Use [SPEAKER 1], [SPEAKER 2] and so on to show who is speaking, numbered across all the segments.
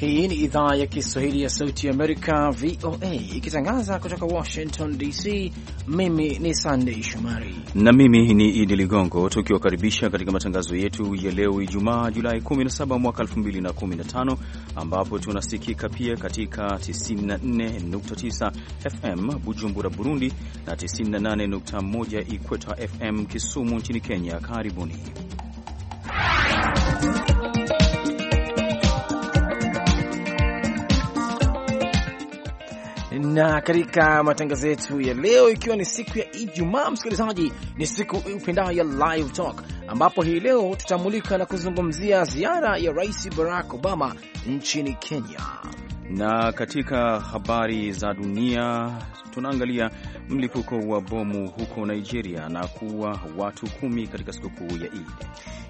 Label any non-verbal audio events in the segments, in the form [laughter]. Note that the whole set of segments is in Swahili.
[SPEAKER 1] Hii ni idhaa ya Kiswahili ya Sauti ya Amerika, VOA, ikitangaza kutoka Washington DC. Mimi ni Sandei Shomari
[SPEAKER 2] na mimi ni Idi Ligongo, tukiwakaribisha katika matangazo yetu ya leo Ijumaa Julai 17 mwaka 2015, ambapo tunasikika pia katika 94.9 FM Bujumbura, Burundi na 98.1 Ikweta FM Kisumu nchini Kenya. Karibuni
[SPEAKER 1] na katika matangazo yetu ya leo, ikiwa ni siku ya Ijumaa, msikilizaji, ni siku upendao ya Live Talk, ambapo hii leo tutamulika na kuzungumzia ziara ya Rais Barack Obama nchini Kenya.
[SPEAKER 2] Na katika habari za dunia tunaangalia mlipuko wa bomu huko Nigeria na kuua watu kumi katika sikukuu ya Idi.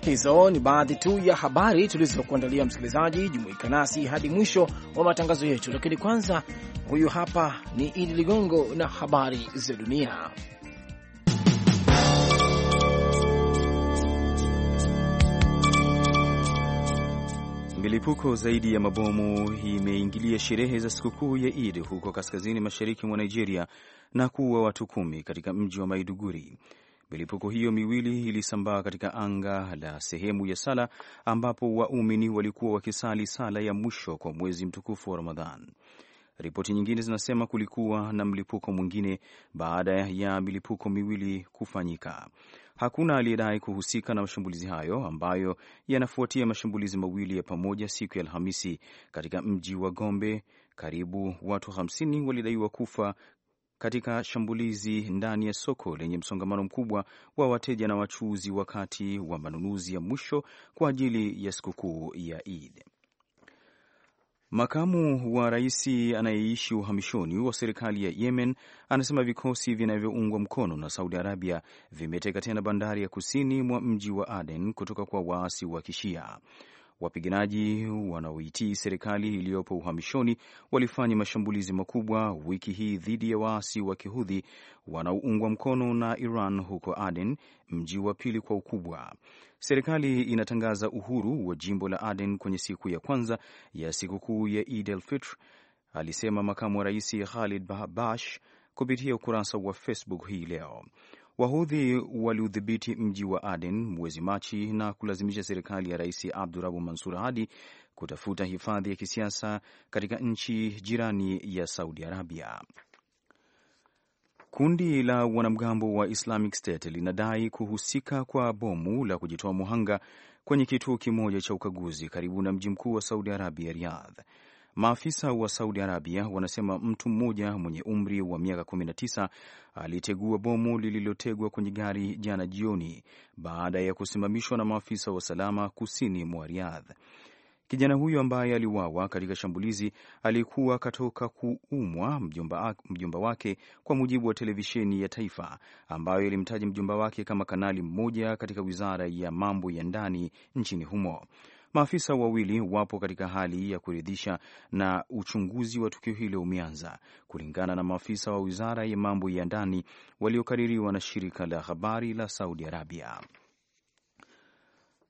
[SPEAKER 2] Hizo ni baadhi tu ya habari tulizokuandalia msikilizaji, jumuika
[SPEAKER 1] nasi hadi mwisho wa matangazo yetu, lakini kwanza, huyu hapa ni Idi Ligongo na habari za dunia.
[SPEAKER 2] Milipuko zaidi ya mabomu imeingilia sherehe za sikukuu ya Eid huko kaskazini mashariki mwa Nigeria na kuua watu kumi katika mji wa Maiduguri. Milipuko hiyo miwili ilisambaa katika anga la sehemu ya sala ambapo waumini walikuwa wakisali sala ya mwisho kwa mwezi mtukufu wa Ramadhan. Ripoti nyingine zinasema kulikuwa na mlipuko mwingine baada ya milipuko miwili kufanyika. Hakuna aliyedai kuhusika na mashambulizi hayo ambayo yanafuatia mashambulizi mawili ya pamoja siku ya Alhamisi katika mji wa Gombe. Karibu watu 50 walidaiwa kufa katika shambulizi ndani ya soko lenye msongamano mkubwa wa wateja na wachuuzi wakati wa manunuzi ya mwisho kwa ajili ya sikukuu ya Eid. Makamu wa rais anayeishi uhamishoni wa serikali ya Yemen anasema vikosi vinavyoungwa mkono na Saudi Arabia vimeteka tena bandari ya kusini mwa mji wa Aden kutoka kwa waasi wa Kishia. Wapiganaji wanaoitii serikali iliyopo uhamishoni walifanya mashambulizi makubwa wiki hii dhidi ya waasi wa Kihudhi wanaoungwa mkono na Iran huko Aden, mji wa pili kwa ukubwa. Serikali inatangaza uhuru wa jimbo la Aden kwenye siku ya kwanza ya sikukuu ya Eid al-Fitr, alisema makamu wa rais Khalid Bash kupitia ukurasa wa Facebook hii leo. Wahudhi waliudhibiti mji wa Aden mwezi Machi na kulazimisha serikali ya rais Abdurabu Mansur Hadi kutafuta hifadhi ya kisiasa katika nchi jirani ya Saudi Arabia. Kundi la wanamgambo wa Islamic State linadai kuhusika kwa bomu la kujitoa muhanga kwenye kituo kimoja cha ukaguzi karibu na mji mkuu wa Saudi Arabia, Riyadh. Maafisa wa Saudi Arabia wanasema mtu mmoja mwenye umri wa miaka 19 alitegua bomu lililotegwa kwenye gari jana jioni baada ya kusimamishwa na maafisa wa usalama kusini mwa Riyadh. Kijana huyo ambaye aliuawa katika shambulizi alikuwa katoka kuumwa mjomba, mjomba wake, kwa mujibu wa televisheni ya taifa ambayo ilimtaja mjomba wake kama kanali mmoja katika wizara ya mambo ya ndani nchini humo. Maafisa wawili wapo katika hali ya kuridhisha na uchunguzi wa tukio hilo umeanza, kulingana na maafisa wa wizara ya mambo ya ndani waliokaririwa na shirika la habari la Saudi Arabia.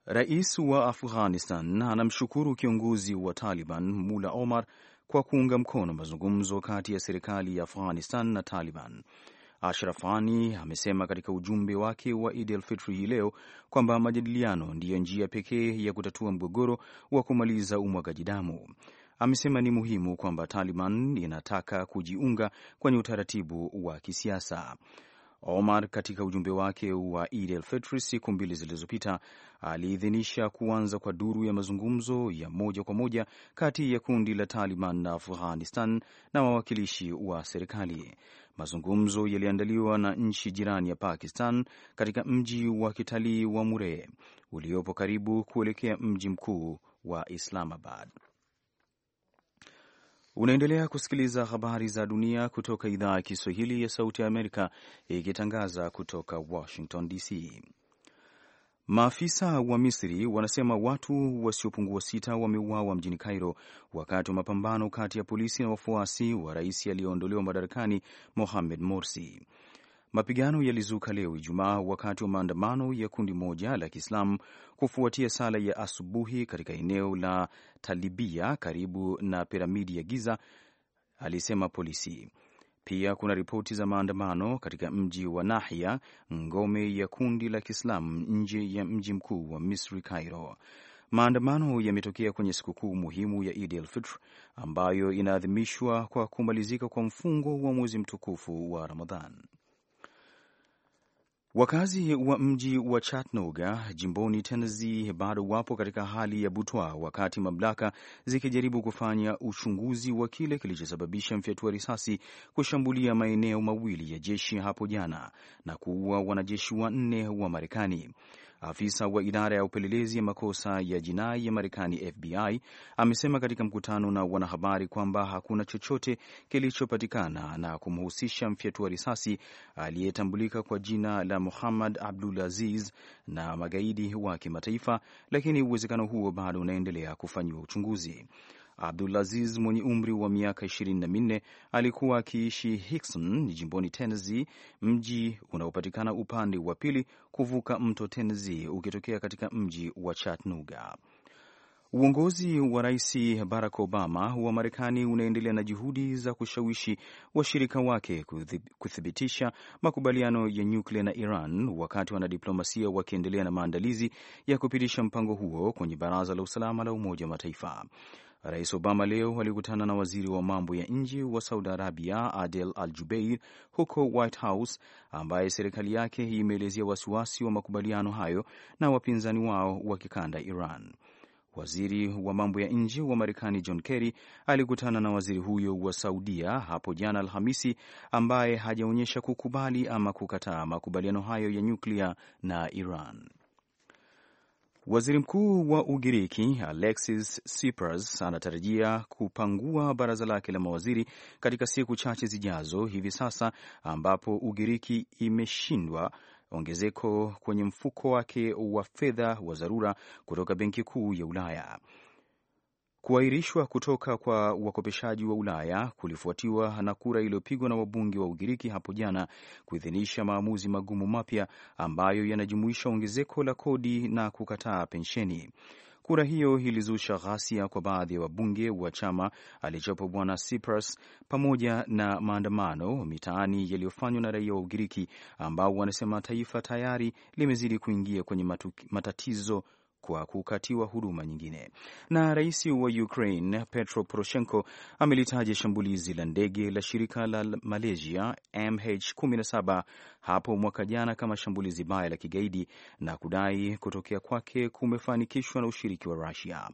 [SPEAKER 2] Rais wa Afghanistan anamshukuru kiongozi wa Taliban Mula Omar kwa kuunga mkono mazungumzo kati ya serikali ya Afghanistan na Taliban. Ashraf Ghani amesema katika ujumbe wake wa Idi el Fitri hii leo kwamba majadiliano ndiyo njia pekee ya kutatua mgogoro wa kumaliza umwagaji damu. Amesema ni muhimu kwamba Taliban inataka kujiunga kwenye utaratibu wa kisiasa. Omar katika ujumbe wake wa Eid al-Fitr siku mbili zilizopita aliidhinisha kuanza kwa duru ya mazungumzo ya moja kwa moja kati ya kundi la Taliban na Afghanistan na wawakilishi wa serikali. Mazungumzo yaliandaliwa na nchi jirani ya Pakistan katika mji wa kitalii wa mure uliopo karibu kuelekea mji mkuu wa Islamabad. Unaendelea kusikiliza habari za dunia kutoka idhaa ya Kiswahili ya Sauti ya Amerika ikitangaza kutoka Washington DC. Maafisa wa Misri wanasema watu wasiopungua wa sita wameuawa mjini Cairo wakati wa mapambano kati ya polisi na wafuasi wa rais aliyeondolewa madarakani Mohamed Morsi. Mapigano yalizuka leo Ijumaa wakati wa maandamano ya kundi moja la Kiislamu kufuatia sala ya asubuhi katika eneo la Talibia karibu na piramidi ya Giza, alisema polisi. Pia kuna ripoti za maandamano katika mji wa Nahia, ngome ya kundi la Kiislamu nje ya mji mkuu wa Misri, Cairo. Maandamano yametokea kwenye sikukuu muhimu ya Idi el Fitr ambayo inaadhimishwa kwa kumalizika kwa mfungo wa mwezi mtukufu wa Ramadhan. Wakazi wa mji wa Chattanooga jimboni Tennessee bado wapo katika hali ya butwa, wakati mamlaka zikijaribu kufanya uchunguzi wa kile kilichosababisha mfyatua risasi kushambulia maeneo mawili ya jeshi hapo jana na kuua wanajeshi wanne wa Marekani. Afisa wa idara ya upelelezi ya makosa ya jinai ya Marekani, FBI, amesema katika mkutano na wanahabari kwamba hakuna chochote kilichopatikana na kumhusisha mfyatua risasi aliyetambulika kwa jina la Muhammad Abdul Aziz na magaidi wa kimataifa, lakini uwezekano huo bado unaendelea kufanyiwa uchunguzi. Abdulaziz mwenye umri wa miaka ishirini na minne alikuwa akiishi Hikson jimboni Tennessee, mji unaopatikana upande wa pili kuvuka mto Tennessee ukitokea katika mji wa Chattanooga. Uongozi wa Rais Barack Obama wa Marekani unaendelea na juhudi za kushawishi washirika wake kuthibitisha makubaliano ya nyuklia na Iran, wakati wanadiplomasia wakiendelea na maandalizi ya kupitisha mpango huo kwenye Baraza la Usalama la Umoja wa Mataifa. Rais Obama leo alikutana na waziri wa mambo ya nje wa Saudi Arabia Adel Al Jubeir huko White House, ambaye serikali yake imeelezea wasiwasi wa makubaliano hayo na wapinzani wao wa kikanda Iran. Waziri wa mambo ya nje wa Marekani John Kerry alikutana na waziri huyo wa Saudia hapo jana Alhamisi, ambaye hajaonyesha kukubali ama kukataa makubaliano hayo ya nyuklia na Iran. Waziri Mkuu wa Ugiriki Alexis Tsipras anatarajia kupangua baraza lake la mawaziri katika siku chache zijazo, hivi sasa ambapo Ugiriki imeshindwa ongezeko kwenye mfuko wake wa fedha wa dharura kutoka Benki Kuu ya Ulaya. Kuahirishwa kutoka kwa wakopeshaji wa Ulaya kulifuatiwa na kura iliyopigwa na wabunge wa Ugiriki hapo jana kuidhinisha maamuzi magumu mapya ambayo yanajumuisha ongezeko la kodi na kukataa pensheni. Kura hiyo ilizusha ghasia kwa baadhi ya wabunge wa chama alichopo bwana Tsipras pamoja na maandamano mitaani yaliyofanywa na raia wa Ugiriki ambao wanasema taifa tayari limezidi kuingia kwenye matatizo kwa kukatiwa huduma nyingine. Na rais wa Ukraine Petro Poroshenko amelitaja shambulizi la ndege la shirika la Malaysia MH17 hapo mwaka jana kama shambulizi baya la kigaidi na kudai kutokea kwake kumefanikishwa na ushiriki wa Rusia.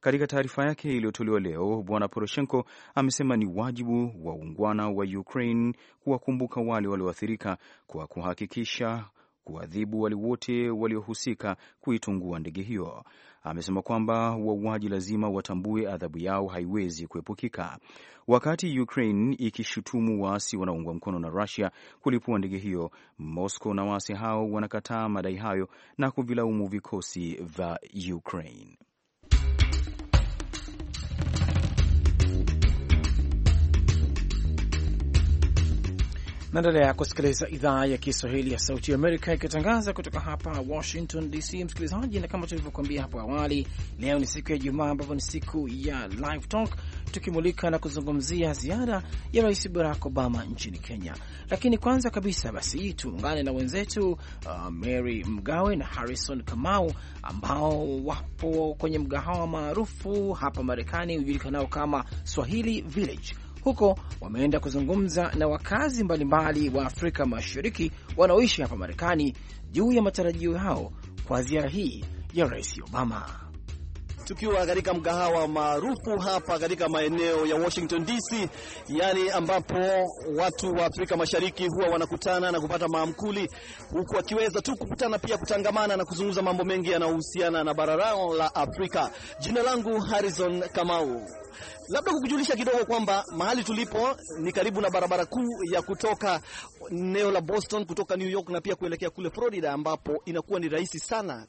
[SPEAKER 2] Katika taarifa yake iliyotolewa leo, Bwana Poroshenko amesema ni wajibu wa uungwana wa Ukraine kuwakumbuka wale walioathirika kwa kuhakikisha kuadhibu wale wote waliohusika kuitungua ndege hiyo. Amesema kwamba wauaji lazima watambue adhabu yao haiwezi kuepukika. Wakati Ukraine ikishutumu waasi wanaoungwa mkono na Russia kulipua ndege hiyo, Moscow na waasi hao wanakataa madai hayo na kuvilaumu vikosi vya Ukraine.
[SPEAKER 1] Naendelea kusikiliza idhaa ya Kiswahili ya Sauti Amerika ikitangaza kutoka hapa Washington DC, msikilizaji, na kama tulivyokuambia hapo awali, leo ni siku ya Jumaa ambapo ni siku ya Live Talk, tukimulika na kuzungumzia ziara ya Rais Barack Obama nchini Kenya. Lakini kwanza kabisa basi tuungane na wenzetu uh, Mary Mgawe na Harrison Kamau ambao wapo kwenye mgahawa maarufu hapa Marekani ujulikanao kama Swahili Village huko wameenda kuzungumza na wakazi mbalimbali wa Afrika Mashariki wanaoishi hapa Marekani juu ya matarajio yao kwa ziara hii ya Rais Obama
[SPEAKER 3] tukiwa katika mgahawa maarufu hapa katika maeneo ya Washington DC, yani ambapo watu wa Afrika Mashariki huwa wanakutana na kupata maamkuli, huku wakiweza tu kukutana pia kutangamana na kuzungumza mambo mengi yanayohusiana na bara lao la Afrika. Jina langu Harrison Kamau. Labda kukujulisha kidogo kwamba mahali tulipo ni karibu na barabara kuu ya kutoka eneo la Boston kutoka New York na pia kuelekea kule Florida, ambapo inakuwa ni rahisi sana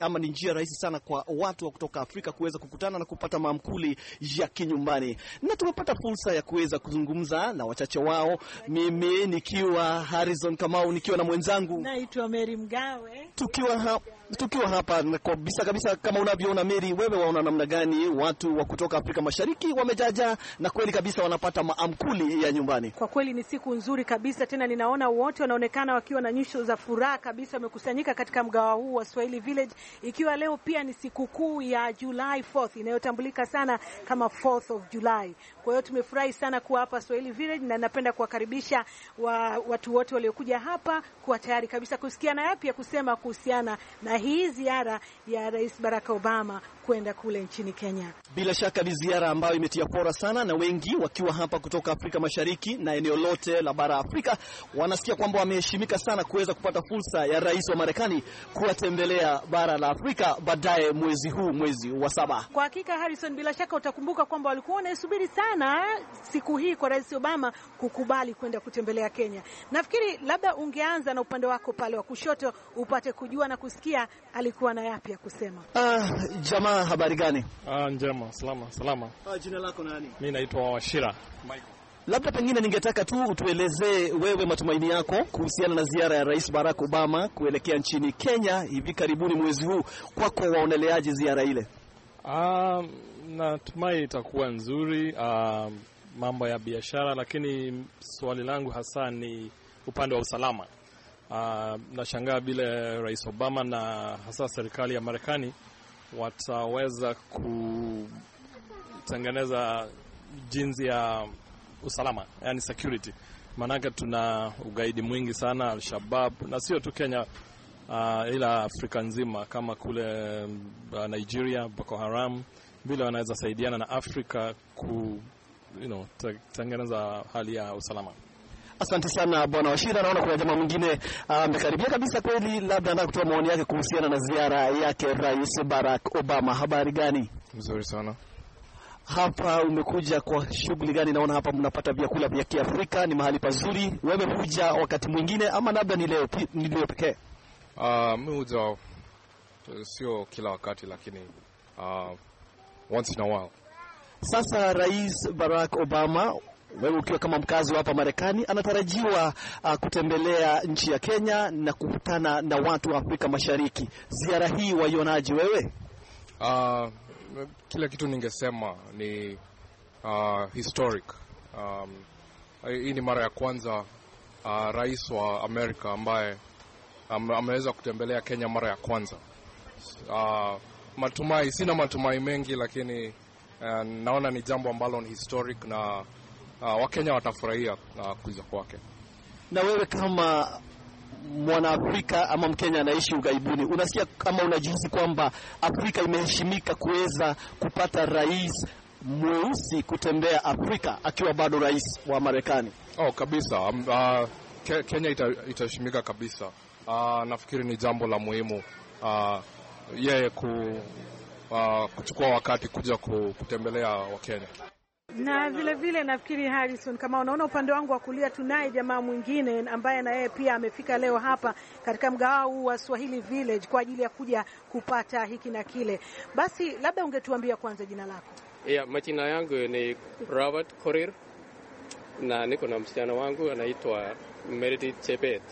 [SPEAKER 3] ama ni njia rahisi sana kwa watu wa kutoka Afrika kuweza kukutana na kupata maamkuli ya kinyumbani, na tumepata fursa ya kuweza kuzungumza na wachache wao, mimi nikiwa Harrison Kamau nikiwa na mwenzangu naitwa Mary Mgawe tukiwa hapa tukiwa hapa kabisa kabisa, kama unavyoona Meri, wewe waona namna gani watu wa kutoka Afrika Mashariki wamejaja na kweli kabisa wanapata maamkuli ya nyumbani? Kwa kweli ni siku nzuri
[SPEAKER 4] kabisa tena, ninaona wote wanaonekana wakiwa na nyuso za furaha kabisa, wamekusanyika katika mgawa huu wa Swahili Village, ikiwa leo pia ni sikukuu ya July 4th inayotambulika sana kama 4th of July. Kwa hiyo tumefurahi sana kuwa hapa Swahili Village, na napenda kuwakaribisha wa, watu wote waliokuja hapa kuwa tayari kabisa na yapi ya kusema kuhusiana na hii ziara ya Rais Barack Obama kwenda kule nchini Kenya.
[SPEAKER 3] Bila shaka ni ziara ambayo imetia fora sana, na wengi wakiwa hapa kutoka Afrika Mashariki na eneo lote la bara Afrika wanasikia kwamba wameheshimika sana kuweza kupata fursa ya rais wa Marekani kuwatembelea bara la Afrika baadaye mwezi huu, mwezi wa saba.
[SPEAKER 4] Kwa hakika, Harrison, bila shaka utakumbuka kwamba walikuwa wanaisubiri sana siku hii kwa Rais Obama kukubali kwenda kutembelea Kenya. Nafikiri labda ungeanza na upande wako pale wa kushoto upate kujua na kusikia alikuwa na yapi ya kusema.
[SPEAKER 3] Ah, jamaa habari gani? Ah, njema, salama salama. Ah, jina lako nani? Mimi naitwa Washira Michael. Labda pengine ningetaka tu utuelezee wewe matumaini yako kuhusiana na ziara ya Rais Barack Obama kuelekea nchini Kenya hivi karibuni mwezi huu. Kwako waoneleaje ziara ile?
[SPEAKER 5] Ah, natumai itakuwa nzuri, ah, mambo ya biashara, lakini swali langu hasa ni upande wa usalama. Ah, nashangaa vile Rais Obama na hasa serikali ya Marekani wataweza kutengeneza jinsi ya usalama, yani security. Maanake tuna ugaidi mwingi sana, Al-Shabab na sio tu Kenya uh, ila Afrika nzima, kama kule uh, Nigeria, Boko Haram, vile wanaweza saidiana na Afrika ku you know, hali ya usalama.
[SPEAKER 3] Asante sana bwana Washira. Naona kuna jamaa mwingine ah, amekaribia uh, kabisa kweli, labda anataka kutoa maoni yake kuhusiana na ziara yake Rais Barack Obama. Habari gani?
[SPEAKER 6] Mzuri sana.
[SPEAKER 3] Hapa umekuja kwa shughuli gani? Naona hapa mnapata vyakula vya Kiafrika, ni mahali pazuri. Wewe huja wakati mwingine ama labda ni leo, ni leo pekee? Uh, ah,
[SPEAKER 6] mimi huja
[SPEAKER 3] sio kila wakati, lakini uh,
[SPEAKER 6] once in a while.
[SPEAKER 3] Sasa Rais Barack Obama wewe ukiwa kama mkazi wa hapa Marekani anatarajiwa uh, kutembelea nchi ya Kenya na kukutana na watu wa Afrika Mashariki. Ziara hii waionaje wewe?
[SPEAKER 6] Uh, kila kitu ningesema ni uh, historic. Um, hii ni mara ya kwanza uh, rais wa Amerika ambaye um, ameweza kutembelea Kenya mara ya kwanza. Uh, matumai, sina matumai mengi lakini uh, naona ni jambo ambalo ni historic na uh, Wakenya watafurahia uh, kuja kwake.
[SPEAKER 3] Na wewe kama mwanaafrika ama Mkenya anaishi ughaibuni, unasikia kama unajihisi kwamba Afrika imeheshimika kuweza kupata rais mweusi kutembea Afrika akiwa bado rais wa Marekani? Oh, kabisa. Um,
[SPEAKER 6] uh, ke Kenya itaheshimika kabisa. Uh, nafikiri ni jambo la muhimu uh, yeye ku, uh, kuchukua wakati kuja kutembelea Wakenya
[SPEAKER 4] na vile vile nafikiri Harrison, kama unaona upande wangu wa kulia, tunaye jamaa mwingine ambaye na yeye pia amefika leo hapa katika mgahawa huu wa Swahili Village kwa ajili ya kuja kupata hiki na kile. Basi labda ungetuambia kwanza jina lako.
[SPEAKER 7] Yeah, majina yangu ni Robert Korir na niko na msichana wangu anaitwa Meredith Chebet.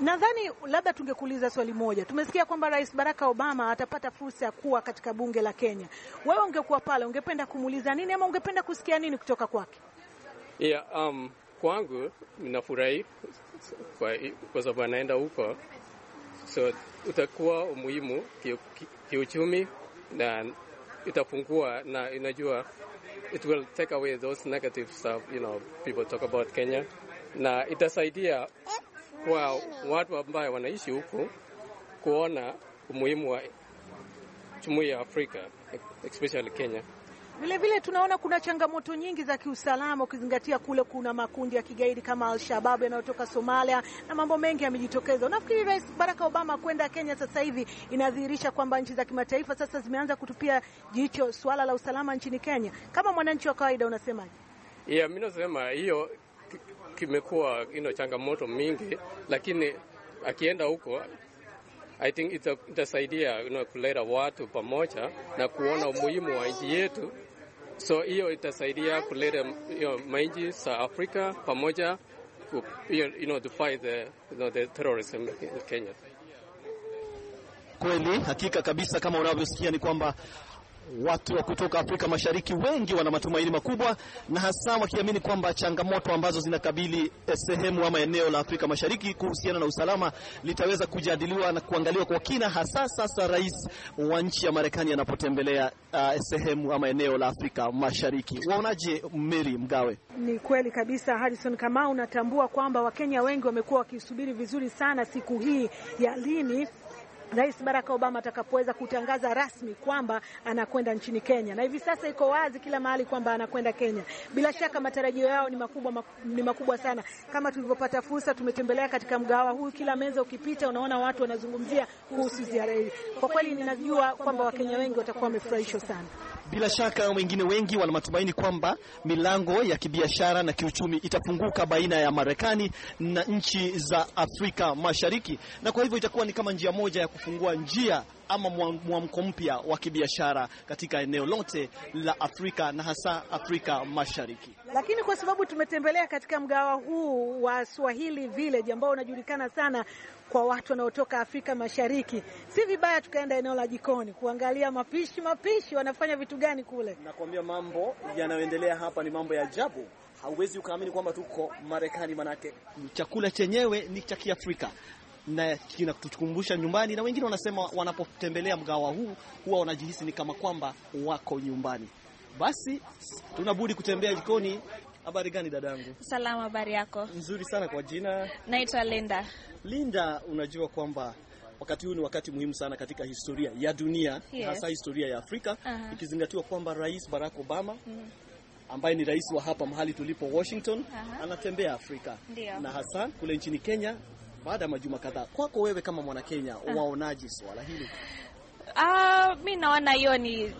[SPEAKER 4] Nadhani labda tungekuuliza swali moja. Tumesikia kwamba Rais Baraka Obama atapata fursa ya kuwa katika bunge la Kenya. Wewe ungekuwa pale, ungependa kumuuliza nini ama ungependa kusikia nini kutoka kwake?
[SPEAKER 7] Yeah, um, kwangu ninafurahi kwa, kwa sababu anaenda huko, so utakuwa umuhimu kiuchumi na itafungua na inajua it will take away those negative stuff, you know, people talk about Kenya na itasaidia kwa watu ambao wanaishi huku kuona umuhimu wa jumuiya ya Afrika especially Kenya.
[SPEAKER 4] Vile vile tunaona kuna changamoto nyingi za kiusalama, ukizingatia kule kuna makundi ya kigaidi kama Al-Shabaab yanayotoka Somalia na mambo mengi yamejitokeza. Unafikiri Rais Barack Obama kwenda Kenya sasa hivi inadhihirisha kwamba nchi za kimataifa sasa zimeanza kutupia jicho suala la usalama nchini Kenya? Kama mwananchi wa kawaida unasemaje?
[SPEAKER 7] Yeah, mimi nasema hiyo kimekuwa ino changamoto mingi, lakini akienda huko I think itasaidia you know, kuleta watu pamoja na kuona umuhimu wa nchi yetu, so hiyo itasaidia kuleta you know, mainchi za Afrika pamoja to, you know, to fight the, you know, the terrorism in Kenya.
[SPEAKER 3] Kweli, hakika kabisa, kama unavyosikia ni kwamba Watu wa kutoka Afrika Mashariki wengi wana matumaini makubwa, na hasa wakiamini kwamba changamoto ambazo zinakabili eh, sehemu ama eneo la Afrika Mashariki kuhusiana na usalama litaweza kujadiliwa na kuangaliwa kwa kina, hasa sasa rais wa nchi ya Marekani anapotembelea uh, sehemu ama eneo la Afrika Mashariki. Waonaje, Mary Mgawe?
[SPEAKER 4] Ni kweli kabisa, Harrison Kamau, unatambua kwamba Wakenya wengi wamekuwa wakisubiri vizuri sana siku hii ya lini Rais Barack Obama atakapoweza kutangaza rasmi kwamba anakwenda nchini Kenya, na hivi sasa iko wazi kila mahali kwamba anakwenda Kenya. Bila shaka matarajio yao ni makubwa, ni makubwa sana. Kama tulivyopata fursa, tumetembelea katika mgahawa huu, kila meza ukipita unaona watu wanazungumzia kuhusu ziara hii. Kwa kweli ninajua kwamba Wakenya wengi watakuwa wamefurahishwa sana.
[SPEAKER 3] Bila shaka wengine wengi wana matumaini kwamba milango ya kibiashara na kiuchumi itafunguka baina ya Marekani na nchi za Afrika Mashariki, na kwa hivyo itakuwa ni kama njia moja ya kufungua njia ama mwamko mpya wa kibiashara katika eneo lote la Afrika na hasa Afrika Mashariki.
[SPEAKER 4] Lakini kwa sababu tumetembelea katika mgawa huu wa Swahili Village ambao unajulikana sana kwa watu wanaotoka Afrika Mashariki, si vibaya tukaenda eneo la jikoni kuangalia mapishi mapishi, wanafanya vitu gani kule.
[SPEAKER 3] Nakwambia mambo yanayoendelea hapa ni mambo ya ajabu. Hauwezi ukaamini kwamba tuko Marekani, manake chakula chenyewe ni cha Kiafrika na kinatukumbusha nyumbani, na wengine wanasema wanapotembelea mgawa huu huwa wanajihisi ni kama kwamba wako nyumbani. Basi tunabudi kutembea jikoni Habari gani dadangu?
[SPEAKER 8] Salama, habari yako?
[SPEAKER 3] Nzuri sana. Kwa jina
[SPEAKER 8] naitwa Linda.
[SPEAKER 3] Linda, unajua kwamba wakati huu ni wakati muhimu sana katika historia ya dunia yes, hasa historia ya Afrika uh -huh, ikizingatiwa kwamba Rais Barack Obama
[SPEAKER 6] mm -hmm.
[SPEAKER 3] ambaye ni rais wa hapa mahali tulipo Washington uh -huh, anatembea Afrika Ndiyo, na hasa kule nchini Kenya baada ya majuma kadhaa. Kwako wewe kama mwana Kenya, uh ah. -huh, waonaje swala hili?
[SPEAKER 8] Uh, mi naona hiyo ni,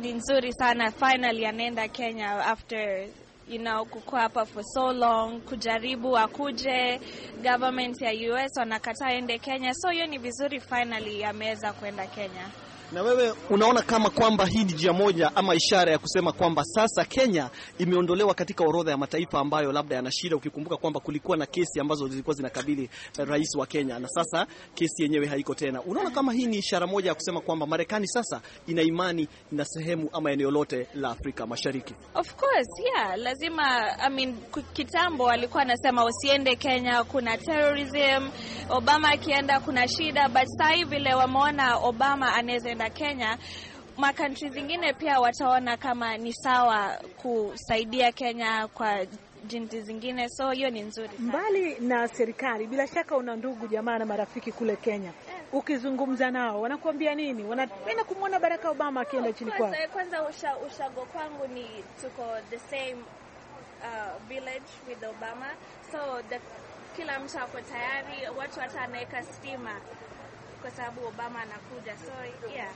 [SPEAKER 8] ni nzuri sana. Finally anaenda Kenya after you know, kukua hapa for so long, kujaribu akuje. Government ya US wanakataa ende Kenya, so hiyo ni vizuri, finally ameweza kwenda Kenya.
[SPEAKER 3] Na wewe unaona kama kwamba hii ni njia moja ama ishara ya kusema kwamba sasa Kenya imeondolewa katika orodha ya mataifa ambayo labda yana shida, ukikumbuka kwamba kulikuwa na kesi ambazo zilikuwa zinakabili eh, rais wa Kenya na sasa kesi yenyewe haiko tena. Unaona kama hii ni ishara moja ya kusema kwamba Marekani sasa ina imani na sehemu ama eneo lote la Afrika Mashariki?
[SPEAKER 8] Of course, yeah, lazima I mean, kitambo alikuwa anasema usiende Kenya, kuna terrorism. Obama akienda kuna shida, but sasa hivi leo wameona Obama anaweza fedha Kenya, makantri zingine pia wataona kama ni sawa kusaidia Kenya kwa jinsi zingine, so hiyo ni nzuri sana. Mbali
[SPEAKER 4] na serikali, bila shaka una ndugu jamaa na marafiki kule Kenya eh. ukizungumza nao wanakuambia nini? Wanapenda kumwona Barack Obama akienda chini kwao.
[SPEAKER 8] Kwanza usha, ushago kwangu ni tuko the same uh, village with Obama so the, kila mtu ako tayari, watu hata anaweka stima kwa sababu Obama anakuja so yeah.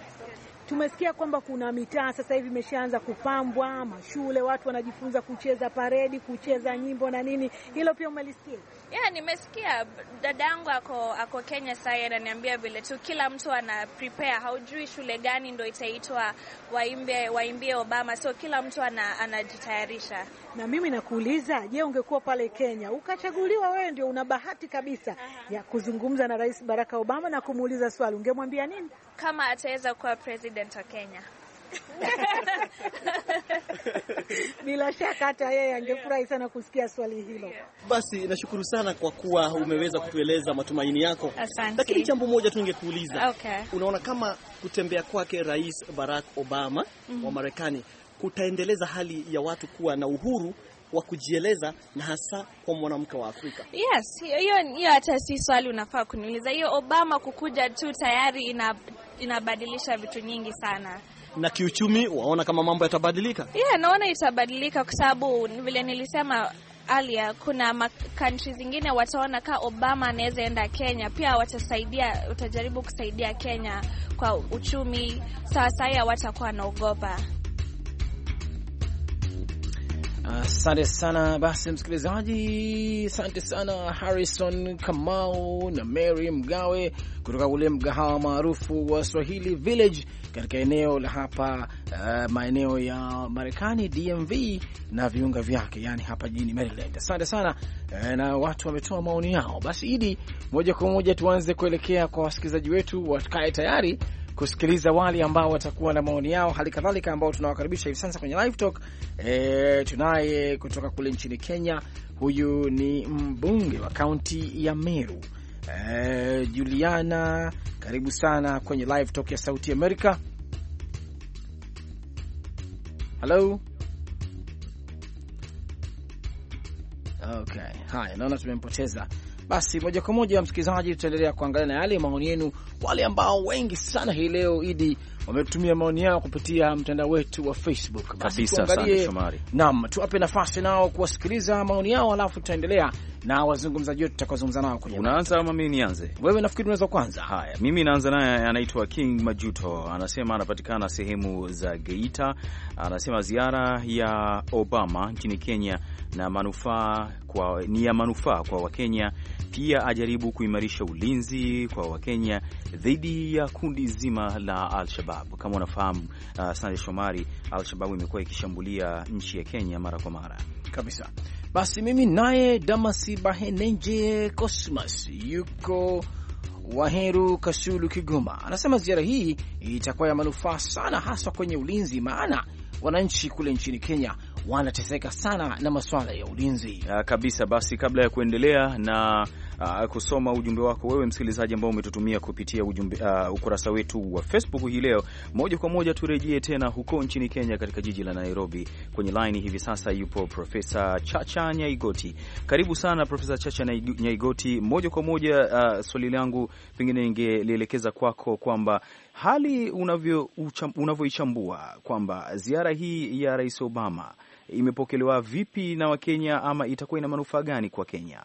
[SPEAKER 4] Tumesikia kwamba kuna mitaa sasa hivi imeshaanza kupambwa, mashule, watu wanajifunza kucheza paredi, kucheza nyimbo na nini. Hilo pia umelisikia?
[SPEAKER 8] Yeah, nimesikia. Dada yangu ako, ako Kenya sai, ananiambia vile tu kila mtu ana prepare, haujui shule gani ndo itaitwa waimbie, waimbie Obama, so kila mtu anajitayarisha. Ana
[SPEAKER 4] na mimi nakuuliza, je, ungekuwa pale Kenya ukachaguliwa, wewe ndio una bahati kabisa uh -huh. ya kuzungumza na Rais Barack Obama na kumuuliza swali, ungemwambia nini?
[SPEAKER 8] kama ataweza kuwa president wa Kenya.
[SPEAKER 4] [laughs] Bila shaka hata yeye angefurahi sana kusikia swali hilo.
[SPEAKER 3] Basi nashukuru sana kwa kuwa umeweza kutueleza matumaini yako.
[SPEAKER 8] Asante. Lakini
[SPEAKER 3] jambo moja tu ningekuuliza.
[SPEAKER 8] Okay. Unaona kama
[SPEAKER 3] kutembea kwake Rais Barack Obama mm -hmm. wa mm-hmm. Marekani kutaendeleza hali ya watu kuwa na uhuru wa kujieleza na hasa kwa mwanamke wa Afrika.
[SPEAKER 8] Yes, hiyo hiyo hata si swali unafaa kuniuliza. Hiyo Obama kukuja tu tayari ina inabadilisha vitu nyingi sana
[SPEAKER 3] na kiuchumi waona kama mambo yatabadilika?
[SPEAKER 8] Yeah, naona itabadilika kwa sababu vile nilisema alia, kuna country zingine wataona kaa Obama anaweza enda Kenya, pia watasaidia, watajaribu kusaidia Kenya kwa uchumi. sawasaya watakuwa wanaogopa
[SPEAKER 1] Asante sana basi, msikilizaji, asante sana Harrison Kamau na Mary Mgawe kutoka ule mgahawa maarufu wa Swahili Village katika eneo la hapa uh, maeneo ya Marekani DMV na viunga vyake, yani hapa jijini Maryland. Asante sana uh, na watu wametoa maoni yao. Basi Idi, moja kwa moja tuanze kuelekea kwa wasikilizaji wetu, wakae tayari kusikiliza wale ambao watakuwa na maoni yao, hali kadhalika ambao tunawakaribisha hivi sasa kwenye live talk. E, tunaye kutoka kule nchini Kenya, huyu ni mbunge wa kaunti ya Meru. E, Juliana, karibu sana kwenye live talk ya Sauti Amerika. Hello. Okay, haya, naona tumempoteza. Basi moja kwa moja, msikilizaji, tutaendelea kuangalia na yale maoni yenu, wale ambao wengi sana hii leo idi wametumia maoni yao kupitia mtandao wetu wa Facebook. Basi tuangalie, naam, tuwape nafasi nao kuwasikiliza maoni yao, alafu tutaendelea na wazungumzaji wetu tutakaozungumza nao kwenye.
[SPEAKER 2] Unaanza ama mimi nianze? Wewe nafikiri unaweza kwanza. Haya, mimi naanza naye, anaitwa King Majuto, anasema anapatikana sehemu za Geita. Anasema ziara ya Obama nchini Kenya na manufaa kwa, ni ya manufaa kwa Wakenya, pia ajaribu kuimarisha ulinzi kwa Wakenya dhidi ya kundi zima la Al-Shabaab. Alshabab. Kama unafahamu uh, Sande Shomari, Alshabab imekuwa ikishambulia nchi ya Kenya mara kwa mara kabisa.
[SPEAKER 1] Basi mimi naye Damasi Bahenenje Cosmas yuko Waheru, Kasulu, Kigoma, anasema ziara hii itakuwa ya manufaa sana, haswa kwenye ulinzi, maana wananchi kule nchini Kenya wanateseka sana na masuala ya ulinzi
[SPEAKER 2] uh, kabisa. Basi kabla ya kuendelea na uh, kusoma ujumbe wako wewe msikilizaji ambao umetutumia kupitia ujumbe, uh, ukurasa wetu wa Facebook hii leo. Moja kwa moja turejee tena huko nchini Kenya, katika jiji la Nairobi. Kwenye line hivi sasa yupo Profesa Chacha Nyaigoti. Karibu sana Profesa Chacha Nyaigoti. Moja kwa moja, uh, swali langu pengine ningelielekeza kwako kwamba hali unavyoichambua kwamba ziara hii ya Rais Obama imepokelewa vipi na Wakenya ama itakuwa ina manufaa gani kwa Kenya?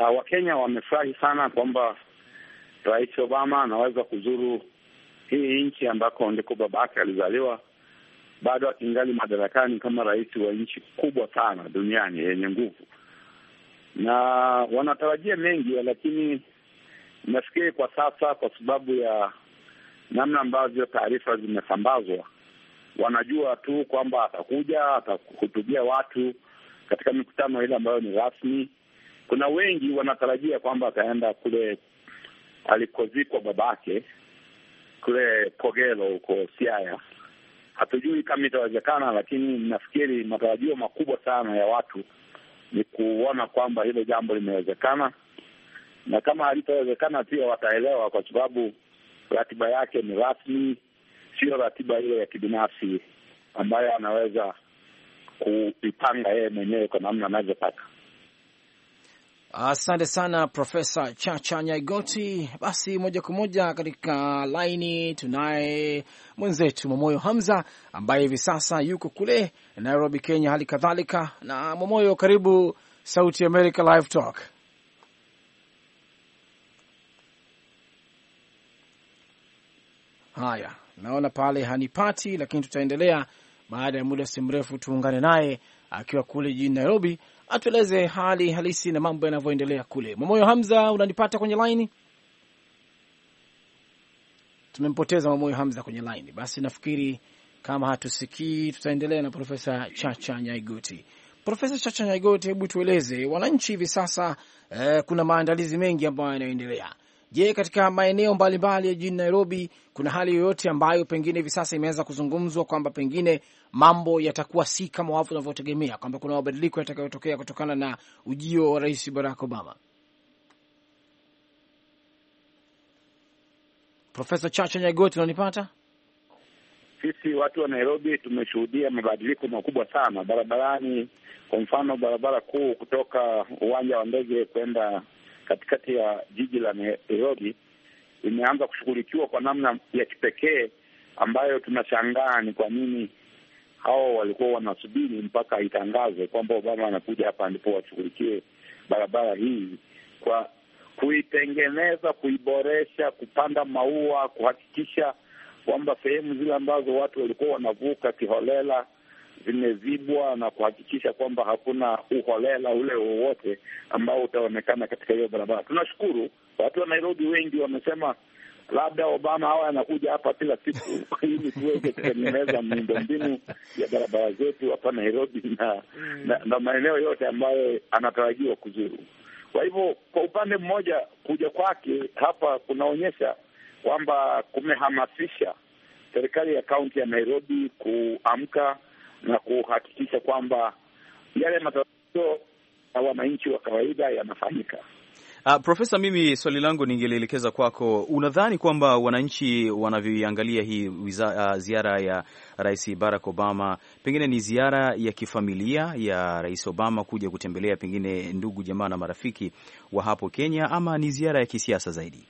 [SPEAKER 9] Uh, Wakenya wamefurahi sana kwamba Rais Obama anaweza kuzuru hii nchi ambako ndiko babake alizaliwa, bado akingali madarakani kama rais wa nchi kubwa sana duniani yenye nguvu, na wanatarajia mengi, lakini nafikiri kwa sasa, kwa sababu ya namna ambavyo taarifa zimesambazwa, wanajua tu kwamba atakuja, atahutubia watu katika mikutano ile ambayo ni rasmi kuna wengi wanatarajia kwamba ataenda kule alikozikwa babake kule Kogelo huko Siaya. Hatujui kama itawezekana, lakini nafikiri matarajio makubwa sana ya watu ni kuona kwamba hilo jambo limewezekana, na kama halitawezekana pia wataelewa, kwa sababu ratiba yake ni rasmi, sio ratiba hiyo ya kibinafsi ambayo anaweza kuipanga yeye mwenyewe kwa namna anavyotaka.
[SPEAKER 1] Asante sana Profesa Chacha Nyaigoti. Basi moja kwa moja katika laini tunaye mwenzetu Momoyo Hamza ambaye hivi sasa yuko kule Nairobi, Kenya, hali kadhalika. Na Momoyo, karibu Sauti America Live Talk. Haya, naona pale hanipati, lakini tutaendelea baada ya muda si mrefu, tuungane naye akiwa kule jijini Nairobi atueleze hali halisi na mambo yanavyoendelea kule. Mwamoyo Hamza, unanipata kwenye laini? Tumempoteza Mwamoyo Hamza kwenye laini. Basi nafikiri kama hatusikii, tutaendelea na Profesa Chacha Nyaigoti. Profesa Chacha Nyaigoti, hebu tueleze wananchi hivi sasa eh, kuna maandalizi mengi ambayo yanaendelea Je, katika maeneo mbalimbali ya jijini Nairobi kuna hali yoyote ambayo pengine hivi sasa imeweza kuzungumzwa kwamba pengine mambo yatakuwa si kama wavu wanavyotegemea, kwamba kuna mabadiliko yatakayotokea kutokana na ujio wa Rais Barack Obama? Profesa Chacha Nyagoti, unanipata?
[SPEAKER 9] Sisi watu wa Nairobi tumeshuhudia mabadiliko makubwa sana barabarani. Kwa mfano, barabara kuu kutoka uwanja wa ndege kwenda katikati ya jiji la Nairobi imeanza kushughulikiwa kwa namna ya kipekee ambayo tunashangaa ni kwa nini hao walikuwa wanasubiri mpaka itangazwe kwamba Obama anakuja hapa ndipo washughulikie barabara hii kwa kuitengeneza, kuiboresha, kupanda maua, kuhakikisha kwamba sehemu zile ambazo watu walikuwa wanavuka kiholela vimezibwa na kuhakikisha kwamba hakuna uholela ule wowote ambao utaonekana katika hiyo barabara. Tunashukuru watu wa Nairobi wengi wamesema labda Obama hawa anakuja hapa kila siku [laughs] ili tuweze kutengeneza miundo mbinu ya barabara zetu hapa Nairobi na, mm. na, na maeneo yote ambayo anatarajiwa kuzuru. Kwa hivyo kwa upande mmoja, kuja kwake hapa kunaonyesha kwamba kumehamasisha serikali ya kaunti ya Nairobi kuamka na kuhakikisha kwamba yale matatizo ya wananchi wa kawaida yanafanyika.
[SPEAKER 2] Uh, Profesa, mimi swali langu ningelielekeza kwako. Unadhani kwamba wananchi wanavyoiangalia hii uh, ziara ya Rais Barack Obama pengine ni ziara ya kifamilia ya Rais Obama kuja kutembelea pengine ndugu jamaa na marafiki wa hapo Kenya ama ni ziara ya kisiasa zaidi?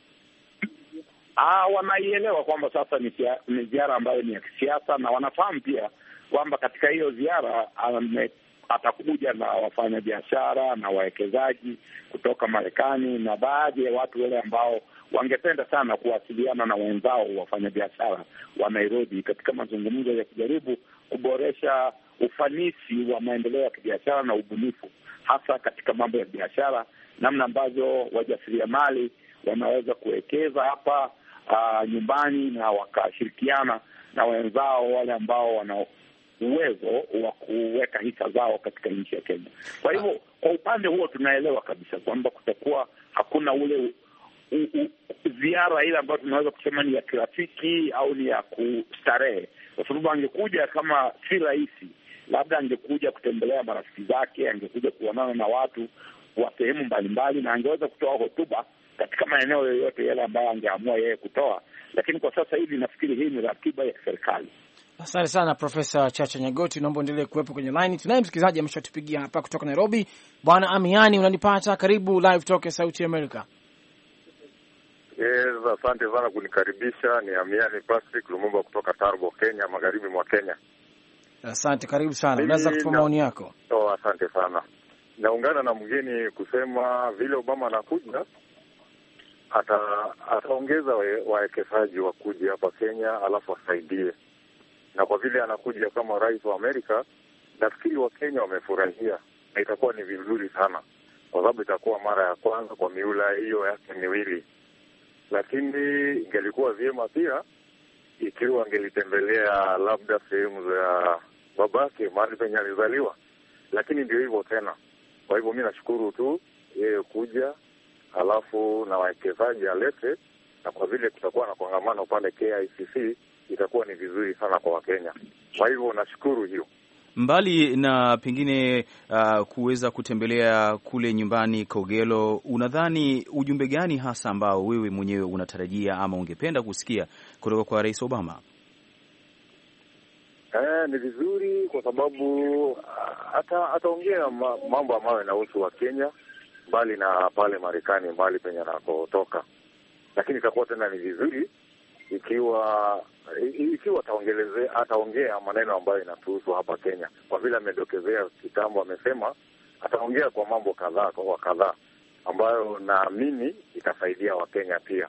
[SPEAKER 9] Ah, wanaielewa kwamba sasa ni ziara ambayo ni ya kisiasa na wanafahamu pia kwamba katika hiyo ziara ame, atakuja na wafanyabiashara na wawekezaji kutoka Marekani na baadhi ya watu wale ambao wangependa sana kuwasiliana na wenzao wafanyabiashara wa Nairobi katika mazungumzo ya kujaribu kuboresha ufanisi wa maendeleo ya kibiashara na ubunifu, hasa katika mambo ya biashara, namna ambavyo wajasiriamali wanaweza kuwekeza hapa uh, nyumbani na wakashirikiana na wenzao wale ambao wana uwezo wa kuweka hisa zao katika nchi ya Kenya. Kwa hivyo kwa upande huo tunaelewa kabisa kwamba kutakuwa hakuna ule u, u, ziara ile ambayo tunaweza kusema ni ya kirafiki au ni ya kustarehe, kwa sababu angekuja kama si rahisi labda angekuja kutembelea marafiki zake, angekuja kuonana na watu wa sehemu mbalimbali, na angeweza kutoa hotuba katika maeneo yoyote yale ambayo angeamua yeye kutoa, lakini kwa sasa hivi nafikiri hii ni ratiba ya serikali.
[SPEAKER 1] Asante sana Profesa Chacha Nyagoti, naomba endelee kuwepo kwenye line. Tunaye msikilizaji ameshatupigia hapa kutoka Nairobi, Bwana Amiani, unanipata? Karibu Live Talk ya Sauti Yes,
[SPEAKER 10] eh, asante sana kunikaribisha. Ni Amiani Patrick Lumumba kutoka Tarbo, Kenya, magharibi mwa Kenya.
[SPEAKER 1] Asante, karibu sana, unaweza kutoa maoni yako?
[SPEAKER 10] Oh, asante sana. Naungana na mgeni kusema vile Obama anakuja ataongeza ata wawekezaji wakuje hapa Kenya alafu asaidie na kwa vile anakuja kama rais wa Amerika, nafikiri Wakenya wamefurahia na itakuwa ni vizuri sana, kwa sababu itakuwa mara ya kwanza kwa miula hiyo yake miwili. Lakini ingelikuwa vyema pia ikiwa angelitembelea labda sehemu za babake, mahali penye alizaliwa, lakini ndio hivyo tena. Kwa hivyo mi nashukuru tu yeye kuja, halafu na wawekezaji alete, na kwa vile kutakuwa na kongamano pale KICC itakuwa ni vizuri sana kwa Wakenya. Kwa hivyo nashukuru hiyo
[SPEAKER 2] mbali na pengine uh, kuweza kutembelea kule nyumbani Kogelo, unadhani ujumbe gani hasa ambao wewe mwenyewe unatarajia ama ungependa kusikia kutoka kwa Rais Obama?
[SPEAKER 10] Eh, ni vizuri kwa sababu uh, ata, ataongea mambo ambayo yanahusu wa Kenya mbali na pale Marekani, mbali penye anakotoka, lakini itakuwa tena ni vizuri ikiwa ikiwa ataongea maneno ambayo inatuhusu hapa Kenya, kwa vile amedokezea kitambo, amesema ataongea kwa mambo kadhaa wa kadhaa ambayo naamini itasaidia Wakenya pia.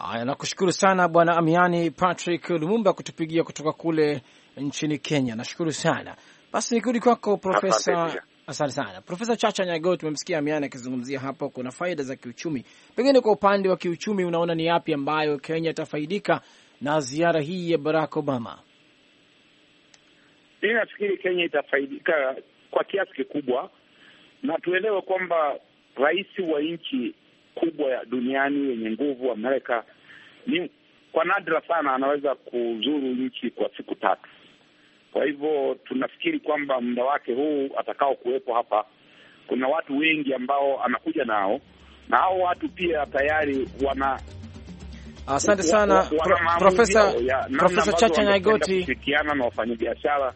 [SPEAKER 1] Haya, nakushukuru sana Bwana Amiani Patrick Lumumba kutupigia kutoka kule nchini Kenya. Nashukuru sana. Basi nikirudi kwako Profesa Asante sana Profesa Chacha Nyago, tumemsikia Amiani akizungumzia hapo, kuna faida za kiuchumi. Pengine kwa upande wa kiuchumi, unaona ni yapi ambayo Kenya itafaidika na ziara hii ya Barack Obama?
[SPEAKER 9] mi nafikiri Kenya itafaidika kwa kiasi kikubwa, na tuelewe kwamba rais wa nchi kubwa ya duniani yenye nguvu Amerika, ni kwa nadra sana anaweza kuzuru nchi kwa siku tatu kwa hivyo tunafikiri kwamba muda wake huu atakao kuwepo hapa, kuna watu wengi ambao anakuja nao, na hao watu pia tayari wana Asante sana Profesa Profesa Chacha Nyagoti,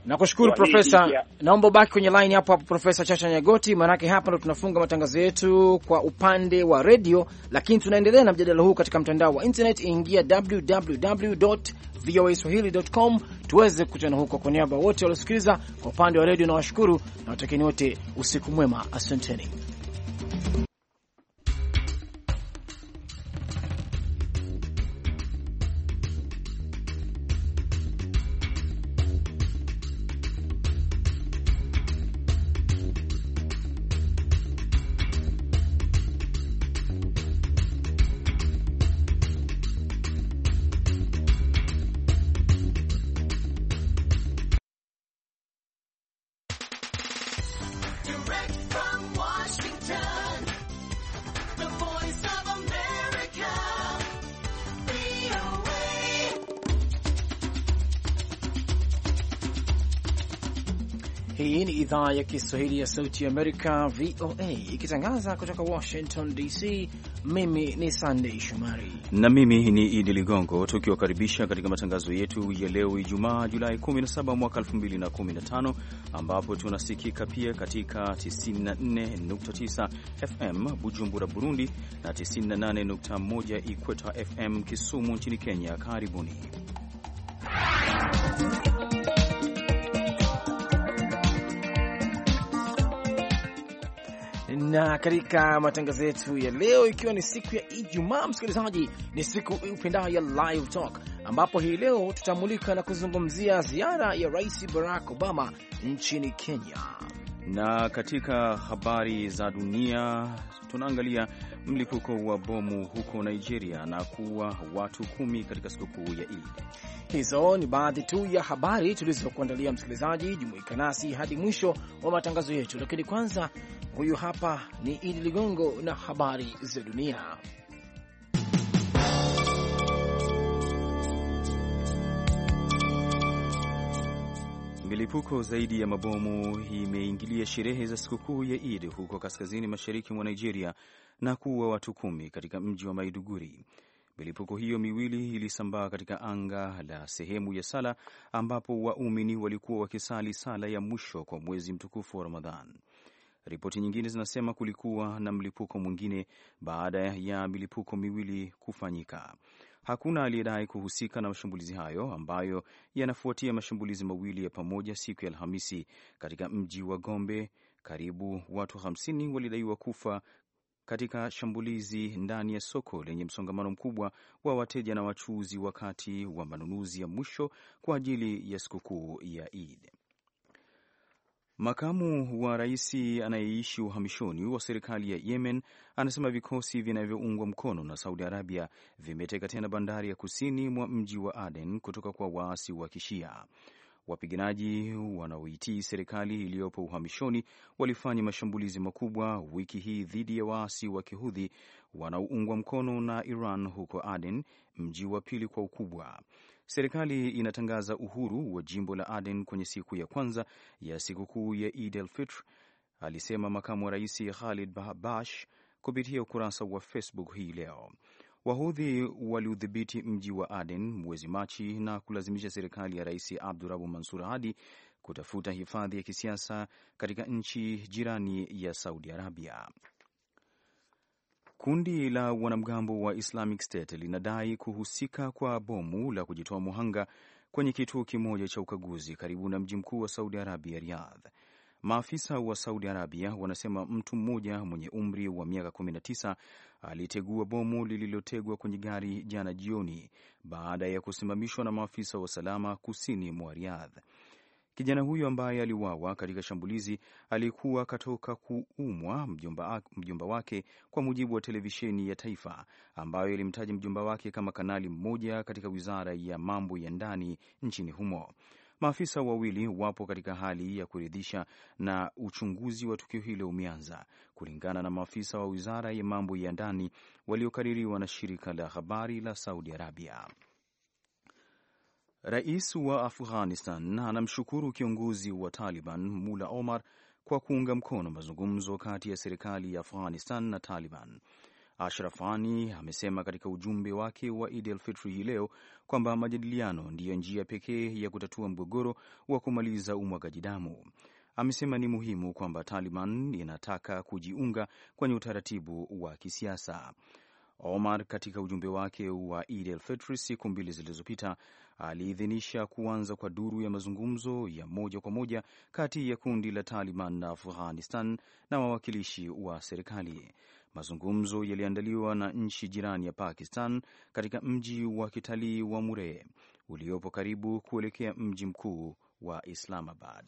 [SPEAKER 9] nakushukuru Profesa.
[SPEAKER 1] Naomba ubaki kwenye line hapo hapo, Profesa Chacha Nyagoti, maanake hapa ndo tunafunga matangazo yetu kwa upande wa redio, lakini tunaendelea na mjadala huu katika mtandao wa internet. Ingia www voa swahili.com tuweze kukutana huko. Kwa niaba wote waliosikiliza kwa upande wa redio, na washukuru na watakieni wote usiku mwema, asanteni. Hii ni idhaa ya Kiswahili ya Sauti ya Amerika, VOA, ikitangaza kutoka Washington DC. Mimi ni Sandei Shomari
[SPEAKER 2] na mimi ni Idi Ligongo, tukiwakaribisha katika matangazo yetu ya leo Ijumaa Julai 17 mwaka 2015, ambapo tunasikika pia katika 94.9 FM Bujumbura, Burundi na 98.1 Ikweta FM Kisumu nchini Kenya. Karibuni
[SPEAKER 1] na katika matangazo yetu ya leo, ikiwa ni siku ya Ijumaa, msikilizaji, ni siku upendayo ya Live Talk, ambapo hii leo tutamulika na kuzungumzia ziara ya Rais Barack Obama nchini Kenya.
[SPEAKER 2] Na katika habari za dunia tunaangalia mlipuko wa bomu huko Nigeria na kuua watu kumi katika sikukuu ya Idi. Hizo ni baadhi tu ya habari tulizokuandalia
[SPEAKER 1] msikilizaji, jumuika nasi hadi mwisho wa matangazo yetu, lakini kwanza, huyu hapa ni Idi Ligongo na habari za dunia.
[SPEAKER 2] Milipuko zaidi ya mabomu imeingilia sherehe za sikukuu ya Idi huko kaskazini mashariki mwa Nigeria na kuua watu kumi katika mji wa Maiduguri. Milipuko hiyo miwili ilisambaa katika anga la sehemu ya sala ambapo waumini walikuwa wakisali sala ya mwisho kwa mwezi mtukufu wa Ramadhan. Ripoti nyingine zinasema kulikuwa na mlipuko mwingine baada ya milipuko miwili kufanyika. Hakuna aliyedai kuhusika na mashambulizi hayo ambayo yanafuatia mashambulizi mawili ya pamoja siku ya Alhamisi katika mji wa Gombe. Karibu watu 50 walidaiwa kufa katika shambulizi ndani ya soko lenye msongamano mkubwa wa wateja na wachuuzi wakati wa manunuzi ya mwisho kwa ajili ya sikukuu ya Eid. Makamu wa rais anayeishi uhamishoni wa serikali ya Yemen anasema vikosi vinavyoungwa mkono na Saudi Arabia vimeteka tena bandari ya kusini mwa mji wa Aden kutoka kwa waasi wa Kishia. Wapiganaji wanaoitii serikali iliyopo uhamishoni walifanya mashambulizi makubwa wiki hii dhidi ya waasi wa Kihudhi wanaoungwa mkono na Iran huko Aden, mji wa pili kwa ukubwa. Serikali inatangaza uhuru wa jimbo la Aden kwenye siku ya kwanza ya sikukuu ya Eid al-Fitr, alisema makamu wa rais Khalid Bash kupitia ukurasa wa Facebook hii leo. Wahudhi waliudhibiti mji wa Aden mwezi Machi na kulazimisha serikali ya rais Abdurabu Mansur Hadi kutafuta hifadhi ya kisiasa katika nchi jirani ya Saudi Arabia. Kundi la wanamgambo wa Islamic State linadai kuhusika kwa bomu la kujitoa muhanga kwenye kituo kimoja cha ukaguzi karibu na mji mkuu wa Saudi Arabia, Riyadh. Maafisa wa Saudi Arabia wanasema mtu mmoja mwenye umri wa miaka 19 alitegua bomu lililotegwa kwenye gari jana jioni baada ya kusimamishwa na maafisa wa usalama kusini mwa Riyadh. Kijana huyo ambaye aliuawa katika shambulizi alikuwa katoka kuumwa mjomba, mjomba wake, kwa mujibu wa televisheni ya taifa ambayo ilimtaja mjomba wake kama kanali mmoja katika wizara ya mambo ya ndani nchini humo. Maafisa wawili wapo katika hali ya kuridhisha na uchunguzi wa tukio hilo umeanza, kulingana na maafisa wa wizara ya mambo ya ndani waliokaririwa na shirika la habari la Saudi Arabia. Rais wa Afghanistan anamshukuru kiongozi wa Taliban Mula Omar kwa kuunga mkono mazungumzo kati ya serikali ya Afghanistan na Taliban. Ashraf Ghani amesema katika ujumbe wake wa Idi hii leo kwamba majadiliano ndiyo njia pekee ya kutatua mgogoro wa kumaliza umwagaji damu. Amesema ni muhimu kwamba Taliban inataka kujiunga kwenye utaratibu wa kisiasa. Omar katika ujumbe wake wa Idi siku mbili zilizopita aliidhinisha kuanza kwa duru ya mazungumzo ya moja kwa moja kati ya kundi la Taliban na Afghanistan na wawakilishi wa serikali. Mazungumzo yaliandaliwa na nchi jirani ya Pakistan katika mji wa kitalii wa Murree uliopo karibu kuelekea mji mkuu wa Islamabad.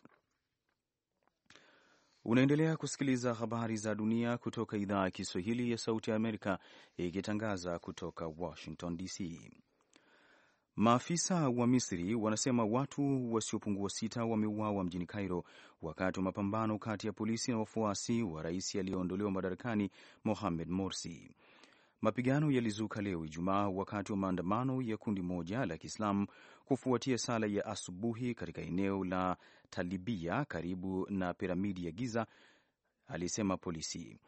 [SPEAKER 2] Unaendelea kusikiliza habari za dunia kutoka idhaa ya Kiswahili ya Sauti ya Amerika ikitangaza kutoka Washington DC. Maafisa wa Misri wanasema watu wasiopungua sita wameuawa mjini Cairo wakati wa mapambano kati ya polisi na wafuasi wa rais aliyeondolewa madarakani Mohamed Morsi. Mapigano yalizuka leo Ijumaa wakati wa maandamano ya kundi moja la Kiislamu kufuatia sala ya asubuhi katika eneo la Talibia karibu na piramidi ya Giza, alisema polisi.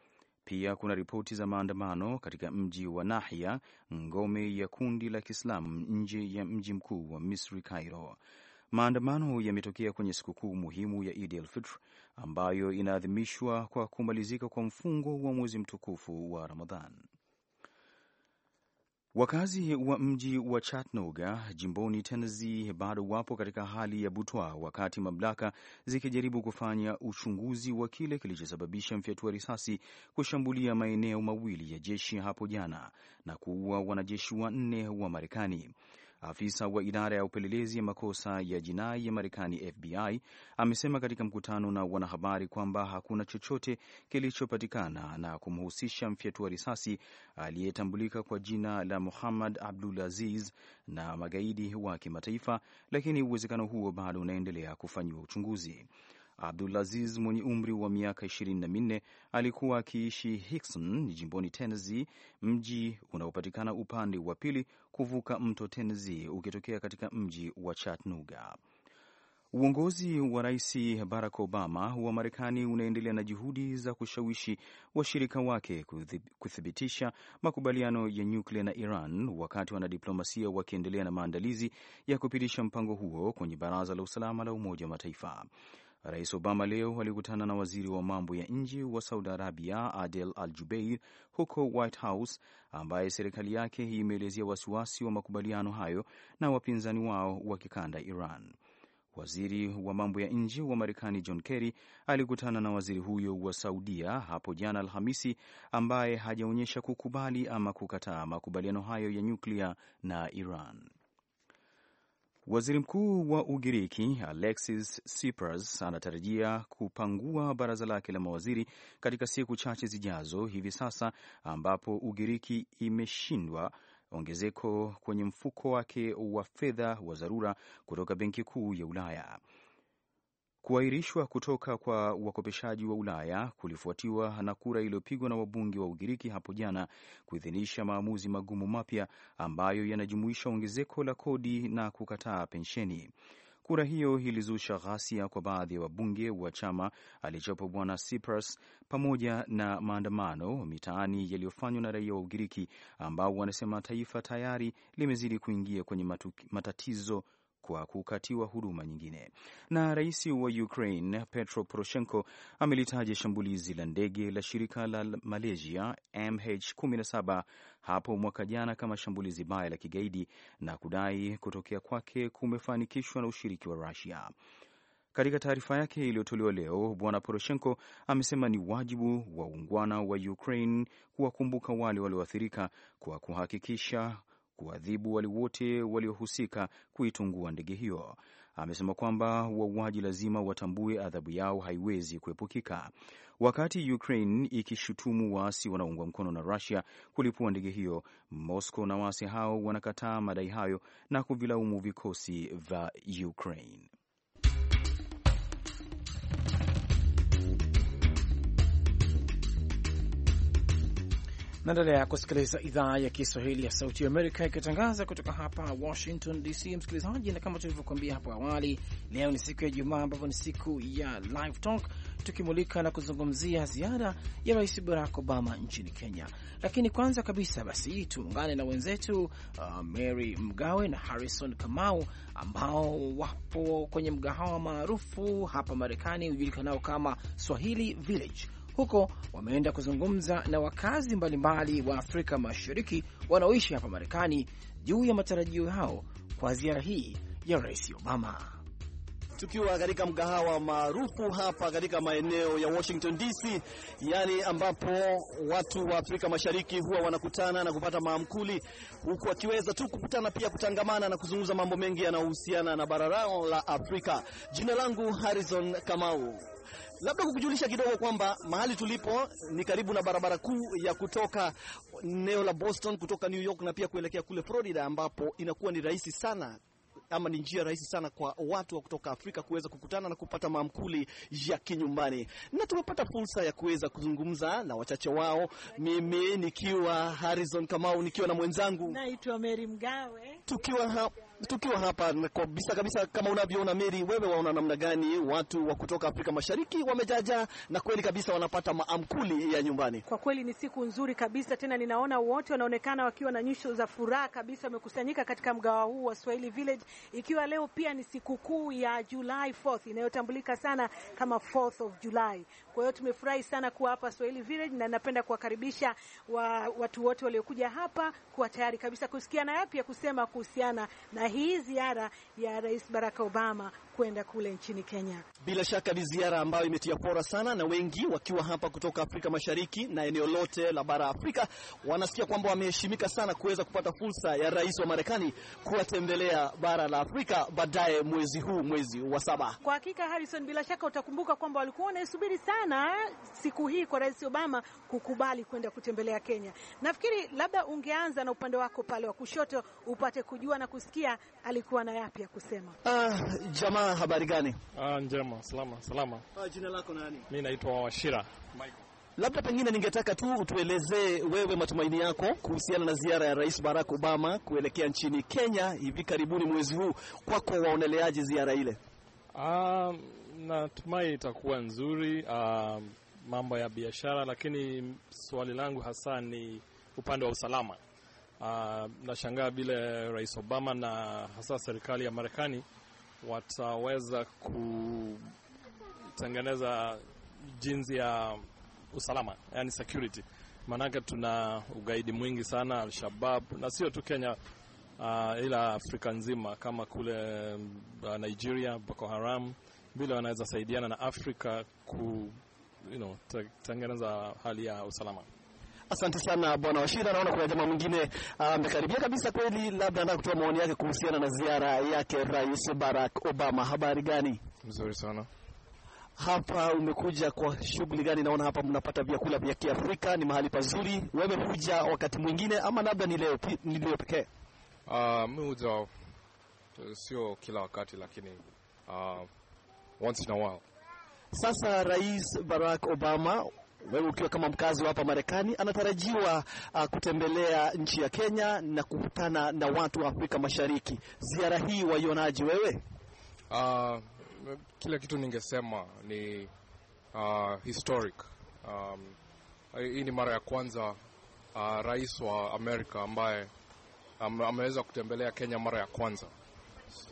[SPEAKER 2] Pia kuna ripoti za maandamano katika mji wa Nahia, ngome ya kundi la Kiislamu nje ya mji mkuu wa Misri, Cairo. Maandamano yametokea kwenye sikukuu muhimu ya Idi el Fitr ambayo inaadhimishwa kwa kumalizika kwa mfungo wa mwezi mtukufu wa Ramadhan. Wakazi wa mji wa Chattanooga jimboni Tennessee bado wapo katika hali ya butwa, wakati mamlaka zikijaribu kufanya uchunguzi wa kile kilichosababisha mfyatua risasi kushambulia maeneo mawili ya jeshi hapo jana na kuua wanajeshi wanne wa Marekani. Afisa wa idara ya upelelezi ya makosa ya jinai ya Marekani, FBI, amesema katika mkutano na wanahabari kwamba hakuna chochote kilichopatikana na kumhusisha mfyatua risasi aliyetambulika kwa jina la Muhammad abdul aziz na magaidi wa kimataifa, lakini uwezekano huo bado unaendelea kufanyiwa uchunguzi. Abdulaziz mwenye umri wa miaka ishirini na minne alikuwa akiishi Hikson jimboni Tennessee, mji unaopatikana upande wa pili kuvuka mto Tennessee ukitokea katika mji wa Chattanooga. Uongozi wa Rais Barack Obama wa Marekani unaendelea na juhudi za kushawishi washirika wake kuthibitisha makubaliano ya nyuklia na Iran, wakati wanadiplomasia wakiendelea na maandalizi ya kupitisha mpango huo kwenye Baraza la Usalama la Umoja wa Mataifa. Rais Obama leo alikutana na waziri wa mambo ya nje wa Saudi Arabia Adel Al Jubeir huko White House, ambaye serikali yake imeelezea wasiwasi wa makubaliano hayo na wapinzani wao wa kikanda Iran. Waziri wa mambo ya nje wa Marekani John Kerry alikutana na waziri huyo wa Saudia hapo jana Alhamisi, ambaye hajaonyesha kukubali ama kukataa makubaliano hayo ya nyuklia na Iran. Waziri Mkuu wa Ugiriki Alexis Tsipras anatarajia kupangua baraza lake la mawaziri katika siku chache zijazo, hivi sasa ambapo Ugiriki imeshindwa ongezeko kwenye mfuko wake wa fedha wa dharura kutoka Benki Kuu ya Ulaya. Kuahirishwa kutoka kwa wakopeshaji wa Ulaya kulifuatiwa na kura iliyopigwa na wabunge wa Ugiriki hapo jana kuidhinisha maamuzi magumu mapya ambayo yanajumuisha ongezeko la kodi na kukataa pensheni. Kura hiyo ilizusha ghasia kwa baadhi ya wa wabunge wa chama alichopo bwana Tsipras pamoja na maandamano mitaani yaliyofanywa na raia wa Ugiriki ambao wanasema taifa tayari limezidi kuingia kwenye matatizo kwa kukatiwa huduma nyingine. Na rais wa Ukraine Petro Poroshenko amelitaja shambulizi la ndege la shirika la Malaysia MH17 hapo mwaka jana kama shambulizi baya la kigaidi na kudai kutokea kwake kumefanikishwa na ushiriki wa Rusia. Katika taarifa yake iliyotolewa leo, Bwana Poroshenko amesema ni wajibu wa uungwana wa Ukraine kuwakumbuka wale walioathirika kwa kuhakikisha kuadhibu wale wote waliohusika kuitungua ndege hiyo. Amesema kwamba wauaji lazima watambue adhabu yao haiwezi kuepukika. Wakati Ukraine ikishutumu waasi wanaoungwa mkono na Russia kulipua ndege hiyo, Moscow na waasi hao wanakataa madai hayo na kuvilaumu vikosi vya Ukraine.
[SPEAKER 1] Naendelea kusikiliza idhaa ya Kiswahili ya Sauti Amerika ikitangaza kutoka hapa Washington DC, msikilizaji. Na kama tulivyokuambia hapo awali, leo ni siku ya Ijumaa ambapo ni siku ya Live Talk, tukimulika na kuzungumzia ziara ya Rais Barack Obama nchini Kenya. Lakini kwanza kabisa, basi tuungane na wenzetu uh, Mary Mgawe na Harrison Kamau ambao wapo kwenye mgahawa maarufu hapa Marekani ujulikanao kama Swahili Village huko wameenda kuzungumza na wakazi mbalimbali wa Afrika Mashariki wanaoishi hapa Marekani juu ya matarajio yao kwa ziara hii ya Rais Obama.
[SPEAKER 3] Tukiwa katika mgahawa maarufu hapa katika maeneo ya Washington DC, yani ambapo watu wa Afrika Mashariki huwa wanakutana na kupata maamkuli, huku wakiweza tu kukutana pia kutangamana na kuzungumza mambo mengi yanayohusiana na bara lao la Afrika. Jina langu Harrison Kamau. Labda kukujulisha kidogo kwamba mahali tulipo ni karibu na barabara kuu ya kutoka eneo la Boston kutoka New York na pia kuelekea kule Florida, ambapo inakuwa ni rahisi sana ama ni njia rahisi sana kwa watu wa kutoka Afrika kuweza kukutana na kupata maamkuli ya kinyumbani, na tumepata fursa ya kuweza kuzungumza na wachache wao, mimi nikiwa Harrison Kamau nikiwa na mwenzangu naitwa Mary Mgawe tukiwa hapa tukiwa hapa kabisa kabisa, kama unavyoona Meri, wewe waona namna gani watu wa kutoka Afrika Mashariki wamejaja na kweli kabisa wanapata maamkuli ya nyumbani.
[SPEAKER 4] Kwa kweli ni siku nzuri kabisa tena, ninaona wote wanaonekana wakiwa na nyuso za furaha kabisa, wamekusanyika katika mgawa huu wa Swahili Village, ikiwa leo pia ni sikukuu ya July 4th inayotambulika sana kama 4th of July. Kwa hiyo tumefurahi sana kuwa hapa Swahili Village, na napenda kuwakaribisha wa, watu wote waliokuja hapa kuwa tayari kabisa kusikia na yapi ya kusema kuhusiana na hii ziara ya Rais Barack Obama kwenda kule nchini Kenya.
[SPEAKER 3] Bila shaka ni ziara ambayo imetia fora sana, na wengi wakiwa hapa kutoka Afrika Mashariki na eneo lote la bara Afrika wanasikia kwamba wameheshimika sana kuweza kupata fursa ya rais wa Marekani kuwatembelea bara la Afrika baadaye mwezi huu, mwezi wa saba.
[SPEAKER 4] Kwa hakika Harrison, bila shaka utakumbuka kwamba walikuwa wanaisubiri sana siku hii kwa Rais Obama kukubali kwenda kutembelea Kenya. Nafikiri labda ungeanza na upande wako pale wa kushoto upate kujua na kusikia alikuwa na yapi ya kusema.
[SPEAKER 5] Ah, jama Ah, habari gani? Ah, njema, salama, salama. Ah,
[SPEAKER 3] jina lako nani?
[SPEAKER 5] Mimi naitwa Washira Michael. Labda pengine ningetaka
[SPEAKER 3] tu utuelezee wewe matumaini yako kuhusiana na ziara ya Rais Barack Obama kuelekea nchini
[SPEAKER 5] Kenya hivi karibuni
[SPEAKER 3] mwezi huu. Kwako waoneleaje ziara ile?
[SPEAKER 5] Ah, natumai itakuwa nzuri, ah, mambo ya biashara, lakini swali langu hasa ni upande wa usalama. Ah, nashangaa vile Rais Obama na hasa serikali ya Marekani wataweza kutengeneza jinsi ya usalama, yani security. Maanake tuna ugaidi mwingi sana, Al-Shabab na sio tu Kenya uh, ila Afrika nzima, kama kule uh, Nigeria, Boko Haram, vile wanaweza saidiana na Afrika ku you know, tengeneza hali ya usalama.
[SPEAKER 3] Asante sana bwana Washira. Naona kuna jamaa mwingine ah, amekaribia um, kabisa kweli, labda anataka kutoa maoni yake kuhusiana na ziara yake Rais Barack Obama. Habari gani? Mzuri sana. Hapa umekuja kwa shughuli gani? Naona hapa mnapata vyakula vya Kiafrika, ni mahali pazuri. Wewe huja wakati mwingine ama labda ni leo, ni leo pekee? Uh,
[SPEAKER 6] ah, mimi huja sio kila wakati, lakini uh, once
[SPEAKER 3] in a while. Sasa Rais Barack Obama wewe ukiwa kama mkazi wa hapa Marekani anatarajiwa uh, kutembelea nchi ya Kenya na kukutana na watu wa Afrika Mashariki. Ziara hii waionaje wewe? Uh, kila
[SPEAKER 6] kitu ningesema ni uh, historic. Um, hii ni mara ya kwanza uh, rais wa Amerika ambaye ameweza kutembelea Kenya mara ya kwanza.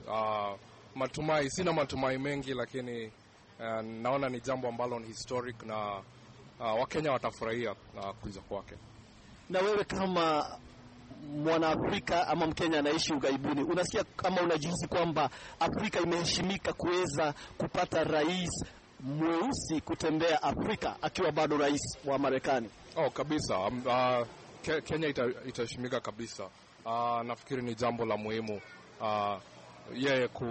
[SPEAKER 6] Uh, matumai, sina matumai mengi lakini uh, naona ni jambo ambalo ni historic na uh, Wakenya watafurahia uh, kuja kwake.
[SPEAKER 3] Na wewe kama mwanaafrika ama Mkenya anaishi ughaibuni, unasikia kama unajihisi kwamba Afrika imeheshimika kuweza kupata rais mweusi kutembea Afrika akiwa bado rais wa Marekani?
[SPEAKER 6] Oh, kabisa. Um, uh, ke Kenya itaheshimika ita kabisa. Uh, nafikiri ni jambo la muhimu uh, yeye ku,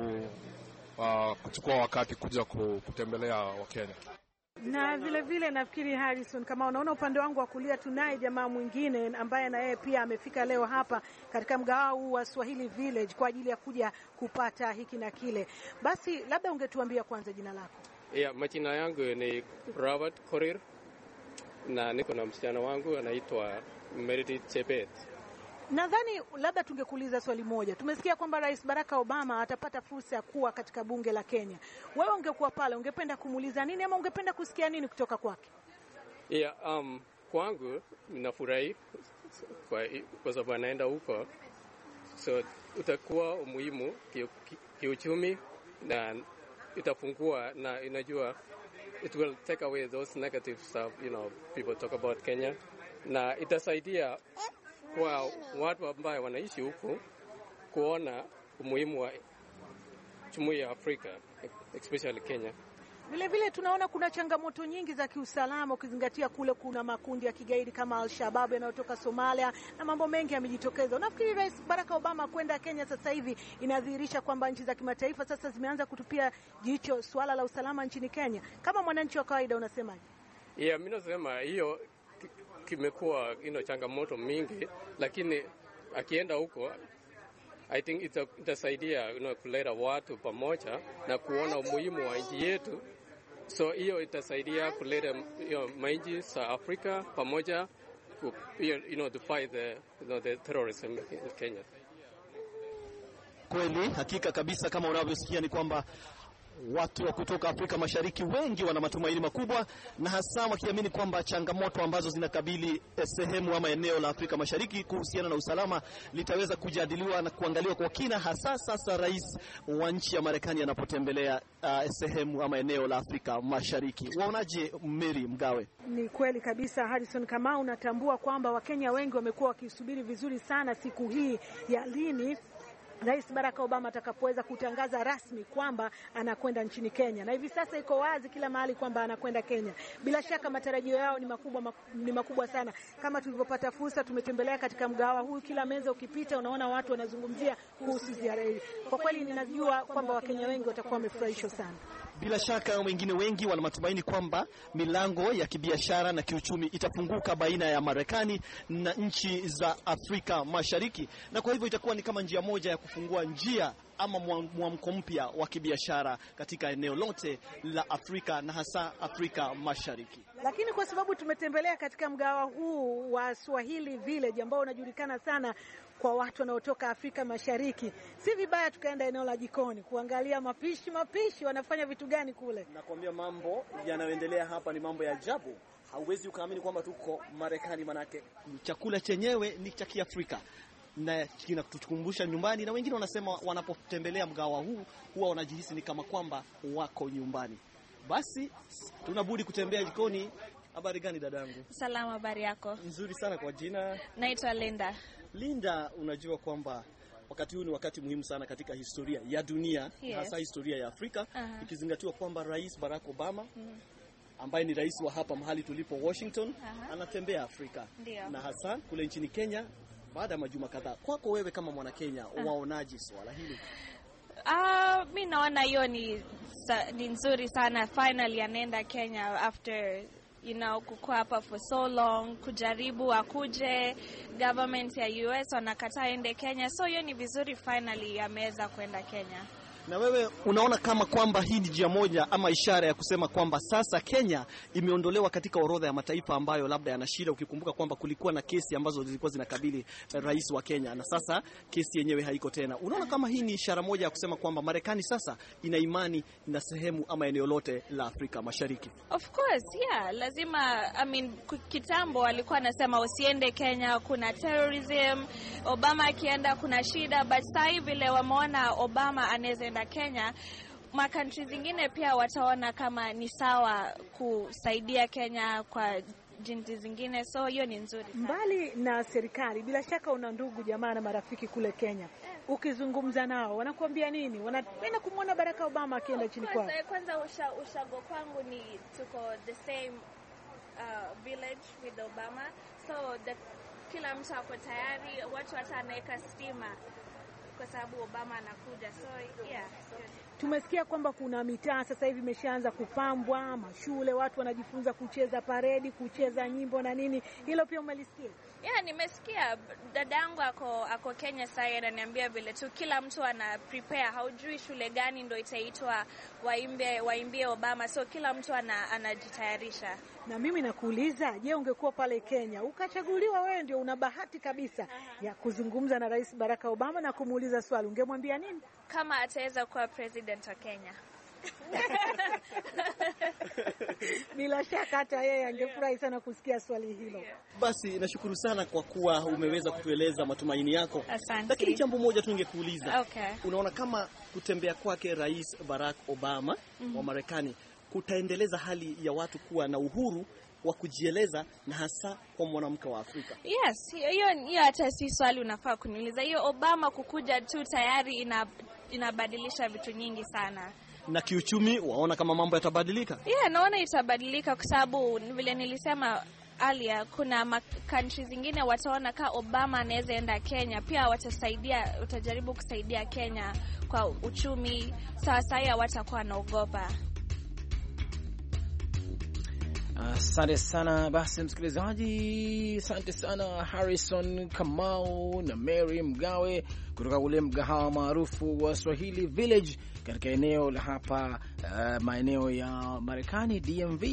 [SPEAKER 6] uh, kuchukua wakati kuja kutembelea Wakenya
[SPEAKER 4] na vile vile nafikiri Harrison, kama unaona upande wangu wa kulia, tunaye jamaa mwingine ambaye na yeye pia amefika leo hapa katika mgahawa huu wa Swahili Village kwa ajili ya kuja kupata hiki na kile. Basi labda ungetuambia kwanza jina lako.
[SPEAKER 7] Yeah, majina yangu ni Robert Korir na niko na msichana wangu anaitwa Meredith Chebet.
[SPEAKER 4] Nadhani labda tungekuuliza swali moja. Tumesikia kwamba Rais Barack Obama atapata fursa ya kuwa katika bunge la Kenya. Wewe ungekuwa pale, ungependa kumuuliza nini ama ungependa kusikia nini kutoka kwake?
[SPEAKER 7] Yeah, um, kwangu ninafurahi kwa, kwa sababu anaenda huko, so utakuwa umuhimu kiuchumi na itafungua na inajua it will take away those negative stuff, you know, people talk about Kenya na itasaidia kwa watu ambao wanaishi huko kuona umuhimu wa jumuiya ya Afrika especially Kenya.
[SPEAKER 4] Vile vile tunaona kuna changamoto nyingi za kiusalama, ukizingatia kule kuna makundi ya kigaidi kama Al-Shabaab yanayotoka Somalia na mambo mengi yamejitokeza. Unafikiri Rais Barack Obama kwenda Kenya sasa hivi inadhihirisha kwamba nchi za kimataifa sasa zimeanza kutupia jicho swala la usalama nchini Kenya? Kama mwananchi wa kawaida unasemaje?
[SPEAKER 7] Yeah, mimi nasema hiyo kimekuwa ino changamoto mingi, lakini akienda huko I think itasaidia you know, kuleta watu pamoja na kuona umuhimu wa nchi yetu, so hiyo itasaidia kuleta you know, mainchi za Afrika pamoja ku, you know, to fight the, you know, the terrorism in Kenya.
[SPEAKER 3] Kweli, hakika kabisa, kama unavyosikia ni kwamba Watu wa kutoka Afrika Mashariki wengi wana matumaini makubwa, na hasa wakiamini kwamba changamoto ambazo zinakabili eh, sehemu ama eneo la Afrika Mashariki kuhusiana na usalama litaweza kujadiliwa na kuangaliwa kwa kina, hasa sasa rais wa nchi ya Marekani anapotembelea uh, sehemu ama eneo la Afrika Mashariki. Waonaje, Mary Mgawe?
[SPEAKER 4] Ni kweli kabisa, Harrison Kamau, unatambua kwamba Wakenya wengi wamekuwa wakisubiri vizuri sana siku hii ya lini Rais Barack Obama atakapoweza kutangaza rasmi kwamba anakwenda nchini Kenya, na hivi sasa iko wazi kila mahali kwamba anakwenda Kenya. Bila shaka matarajio yao ni makubwa, ni makubwa sana. Kama tulivyopata fursa, tumetembelea katika mgahawa huu, kila meza ukipita unaona watu wanazungumzia kuhusu ziara hii. Kwa kweli ninajua kwamba Wakenya wengi watakuwa wamefurahishwa sana.
[SPEAKER 3] Bila shaka wengine wengi wana matumaini kwamba milango ya kibiashara na kiuchumi itafunguka baina ya Marekani na nchi za Afrika Mashariki, na kwa hivyo itakuwa ni kama njia moja ya kufungua njia ama mwamko mpya wa kibiashara katika eneo lote la Afrika na hasa Afrika Mashariki.
[SPEAKER 4] Lakini kwa sababu tumetembelea katika mgawa huu wa Swahili Village ambao unajulikana sana kwa watu wanaotoka Afrika Mashariki, si vibaya tukaenda eneo la jikoni kuangalia mapishi mapishi, wanafanya vitu gani kule.
[SPEAKER 3] Nakwambia mambo yanayoendelea hapa ni mambo ya ajabu, hauwezi ukaamini kwamba tuko Marekani, manake chakula chenyewe ni cha Kiafrika na kinatukumbusha nyumbani, na wengine wanasema wanapotembelea mgawa huu huwa wanajihisi ni kama kwamba wako nyumbani. Basi tunabudi kutembea jikoni. Habari gani dadangu?
[SPEAKER 8] Salama, habari yako?
[SPEAKER 3] Nzuri sana. Kwa jina
[SPEAKER 8] naitwa Linda.
[SPEAKER 3] Linda, unajua kwamba wakati huu ni wakati muhimu sana katika historia ya dunia yes. hasa historia ya Afrika uh -huh. ikizingatiwa kwamba Rais Barack Obama mm-hmm. ambaye ni rais wa hapa mahali tulipo Washington. uh-huh. anatembea Afrika Ndiyo. na hasa kule nchini Kenya baada ya majuma kadhaa. Kwako wewe kama mwana Kenya, uh-huh. waonaje swala hili?
[SPEAKER 8] Uh, mi naona hiyo ni, ni nzuri sana, finally anaenda Kenya after you know, kukua hapa for so long, kujaribu akuje. Government ya US wanakataa ende Kenya, so hiyo ni vizuri, finally ameweza kwenda Kenya.
[SPEAKER 3] Na wewe unaona kama kwamba hii ni njia moja ama ishara ya kusema kwamba sasa Kenya imeondolewa katika orodha ya mataifa ambayo labda yana shida, ukikumbuka kwamba kulikuwa na kesi ambazo zilikuwa zinakabili eh, rais wa Kenya na sasa kesi yenyewe haiko tena. Unaona kama hii ni ishara moja ya kusema kwamba Marekani sasa ina imani na sehemu ama eneo lote la Afrika Mashariki?
[SPEAKER 8] Of course, yeah, lazima I mean, kitambo alikuwa anasema usiende Kenya, kuna terrorism. Obama akienda kuna shida, but sasa hivi leo wameona Obama anaweza kwenda Kenya, makantri zingine pia wataona kama ni sawa kusaidia Kenya kwa jinsi zingine, so hiyo ni nzuri sana.
[SPEAKER 4] Mbali na serikali, bila shaka una ndugu jamaa na marafiki kule Kenya ukizungumza nao wanakuambia nini? Wanapenda kumwona Barack Obama akienda chini kwao. Eh,
[SPEAKER 8] kwanza usha, ushago kwangu ni tuko the same uh, village with Obama so the, kila mtu ako tayari, watu hata anaweka stima kwa sababu Obama anakuja, so yeah.
[SPEAKER 4] Tumesikia kwamba kuna mitaa sasa hivi imeshaanza kupambwa, mashule, watu wanajifunza kucheza paredi, kucheza nyimbo na nini. Hilo pia umelisikia?
[SPEAKER 8] Yeah, nimesikia. Dada yangu ako, ako Kenya sai, ananiambia vile tu kila mtu ana prepare, haujui shule gani ndo itaitwa waimbie, waimbie Obama, so kila mtu anajitayarisha.
[SPEAKER 4] Na mimi nakuuliza, je, ungekuwa pale Kenya ukachaguliwa, wewe ndio una bahati kabisa uh -huh. ya kuzungumza na Rais Barack Obama na kumuuliza swali, ungemwambia nini?
[SPEAKER 8] kama ataweza kuwa president wa Kenya.
[SPEAKER 4] Bila [laughs] shaka hata yeye angefurahi sana kusikia swali hilo.
[SPEAKER 3] Basi nashukuru sana kwa kuwa umeweza kutueleza matumaini yako. Asante. Lakini jambo moja tu ningekuuliza. Okay. Unaona kama kutembea kwake Rais Barack Obama mm -hmm. wa Marekani kutaendeleza hali ya watu kuwa na uhuru wa kujieleza na hasa kwa mwanamke wa Afrika.
[SPEAKER 8] Yes, hiyo hiyo hata si swali unafaa kuniuliza. Hiyo Obama kukuja tu tayari ina inabadilisha vitu nyingi sana
[SPEAKER 3] na kiuchumi waona kama mambo yatabadilika?
[SPEAKER 8] Yeah, naona itabadilika kwa sababu vile nilisema alia, kuna makantri zingine wataona kaa Obama anaweza enda Kenya, pia watasaidia, watajaribu kusaidia Kenya kwa uchumi. sawasaia watakuwa wanaogopa
[SPEAKER 1] Asante sana basi, msikilizaji, asante sana Harrison Kamau na Mary Mgawe kutoka ule mgahawa maarufu wa Swahili Village katika eneo la hapa uh, maeneo ya Marekani DMV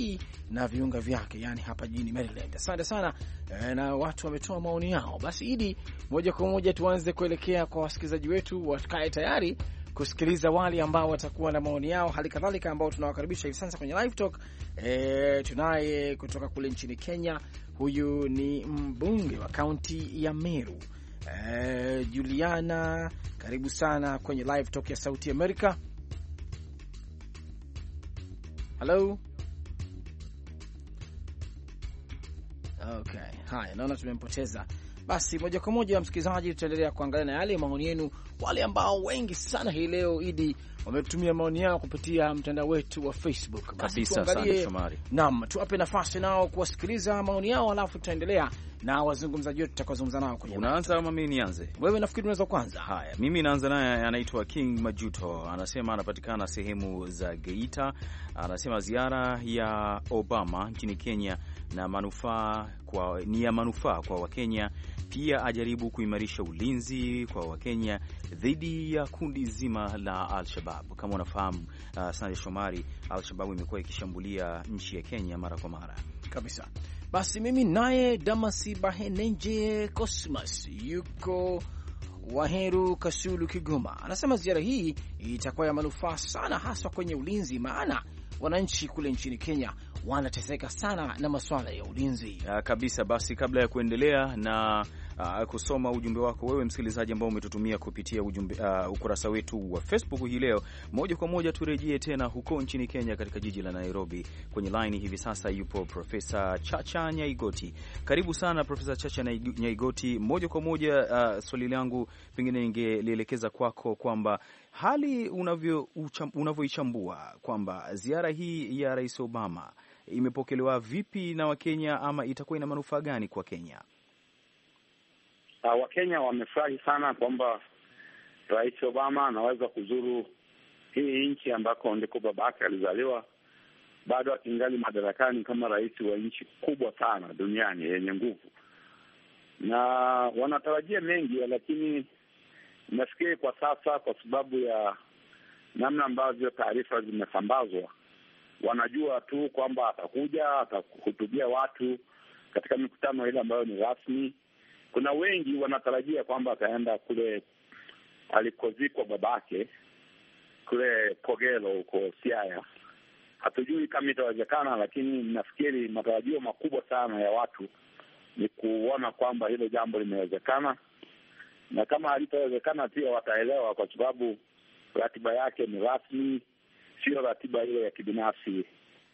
[SPEAKER 1] na viunga vyake, yani hapa jijini Maryland. Asante sana uh, na watu wametoa maoni yao. Basi Idi, moja kwa moja tuanze kuelekea kwa wasikilizaji wetu, wakae tayari kusikiliza wale ambao watakuwa na maoni yao, hali kadhalika ambao tunawakaribisha hivi sasa kwenye live talk. E, tunaye kutoka kule nchini Kenya, huyu ni mbunge wa kaunti ya Meru e, Juliana, karibu sana kwenye live talk ya Sauti Amerika. Halo. Okay, haya, naona tumempoteza basi moja kwa moja, msikilizaji, tutaendelea kuangalia na yale maoni yenu, wale ambao wengi sana hii leo Idi wametumia maoni yao kupitia mtandao wetu wa Facebook.
[SPEAKER 2] Basi tuangalie, Shomari,
[SPEAKER 1] naam, tuwape nafasi nao kuwasikiliza maoni yao, alafu tutaendelea na wazungumzaji wetu tutakaozungumza nao kwenye.
[SPEAKER 2] Unaanza ama mimi nianze? Wewe nafikiri unaweza kwanza. Haya, mimi naanza naye, anaitwa King Majuto, anasema anapatikana sehemu za Geita. Anasema ziara ya Obama nchini Kenya na manufaa kwa, ni ya manufaa kwa Wakenya pia ajaribu kuimarisha ulinzi kwa Wakenya dhidi ya kundi zima la Al-Shabab. Kama unafahamu, uh, Sande Shomari, Al-Shabab imekuwa ikishambulia nchi ya Kenya mara kwa mara kabisa.
[SPEAKER 1] Basi mimi naye Damasi Bahenenje Cosmas yuko Waheru Kasulu, Kigoma, anasema ziara hii itakuwa ya manufaa sana, haswa kwenye ulinzi, maana wananchi kule nchini Kenya wanateseka sana na masuala ya ulinzi
[SPEAKER 2] uh, kabisa. Basi kabla ya kuendelea na uh, kusoma ujumbe wako wewe msikilizaji ambao umetutumia kupitia ujumbe, uh, ukurasa wetu wa Facebook hii leo. Moja kwa moja turejee tena huko nchini Kenya, katika jiji la Nairobi. Kwenye line hivi sasa yupo Profesa Chacha Nyaigoti. Karibu sana Profesa Chacha Nyaigoti. Moja kwa moja, uh, swali langu pengine ningelielekeza kwako kwamba hali unavyoichambua kwamba ziara hii ya Rais Obama imepokelewa vipi na Wakenya ama itakuwa ina manufaa gani kwa Kenya?
[SPEAKER 9] Uh, Wakenya wamefurahi sana kwamba Rais Obama anaweza kuzuru hii nchi ambako ndiko babake alizaliwa, bado akingali madarakani kama rais wa nchi kubwa sana duniani yenye nguvu, na wanatarajia mengi, lakini nafikiri kwa sasa, kwa sababu ya namna ambavyo taarifa zimesambazwa, wanajua tu kwamba atakuja, atahutubia watu katika mikutano ile ambayo ni rasmi kuna wengi wanatarajia kwamba ataenda kule alikozikwa babake kule Kogelo huko Siaya. Hatujui kama itawezekana, lakini nafikiri matarajio makubwa sana ya watu ni kuona kwamba hilo jambo limewezekana, na kama halitawezekana pia wataelewa, kwa sababu ratiba yake ni rasmi, sio ratiba ile ya kibinafsi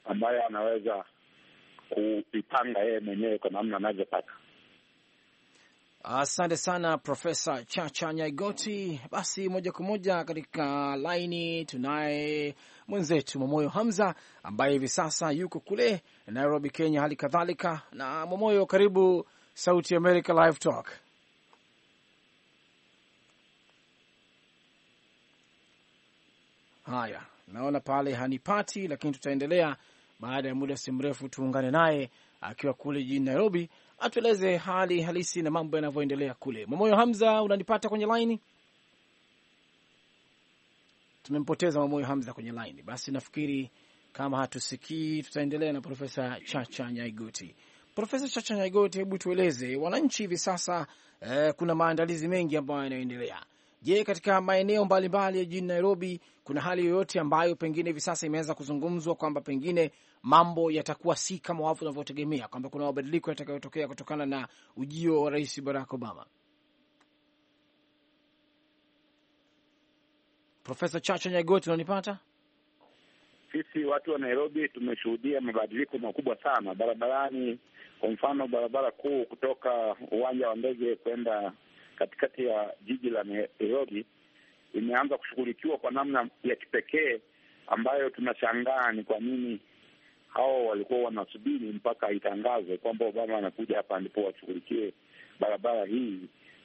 [SPEAKER 9] ambayo anaweza kuipanga yeye mwenyewe kwa namna anavyotaka.
[SPEAKER 1] Asante sana Profesa Chacha Nyaigoti. Basi moja kwa moja katika laini tunaye mwenzetu Mwamoyo Hamza ambaye hivi sasa yuko kule Nairobi, Kenya, hali kadhalika. Na Mwamoyo, karibu Sauti America Live Talk. Haya, naona pale hanipati, lakini tutaendelea baada ya muda si mrefu, tuungane naye akiwa kule jijini Nairobi atueleze hali halisi na mambo yanavyoendelea kule. Mwamoyo Hamza, unanipata kwenye laini? Tumempoteza Mamoyo Hamza kwenye laini. Basi nafikiri kama hatusikii, tutaendelea na Profesa Chacha Nyaigoti. Profesa Chacha Nyaigoti, hebu tueleze wananchi hivi sasa eh, kuna maandalizi mengi ambayo yanayoendelea. Je, katika maeneo mbalimbali ya jijini Nairobi kuna hali yoyote ambayo pengine hivi sasa imeanza kuzungumzwa kwamba pengine mambo yatakuwa si kama wavu wanavyotegemea kwamba kuna mabadiliko yatakayotokea kutokana na ujio wa Rais Barack Obama? Profesa Chacha Nyagoti, unanipata?
[SPEAKER 9] Sisi watu wa Nairobi tumeshuhudia mabadiliko makubwa sana barabarani. Kwa mfano, barabara kuu kutoka uwanja wa ndege kwenda katikati ya jiji la Nairobi imeanza kushughulikiwa kwa namna ya kipekee ambayo tunashangaa ni kwa nini hao walikuwa wanasubiri mpaka itangazwe kwamba Obama anakuja hapa, ndipo washughulikie barabara hii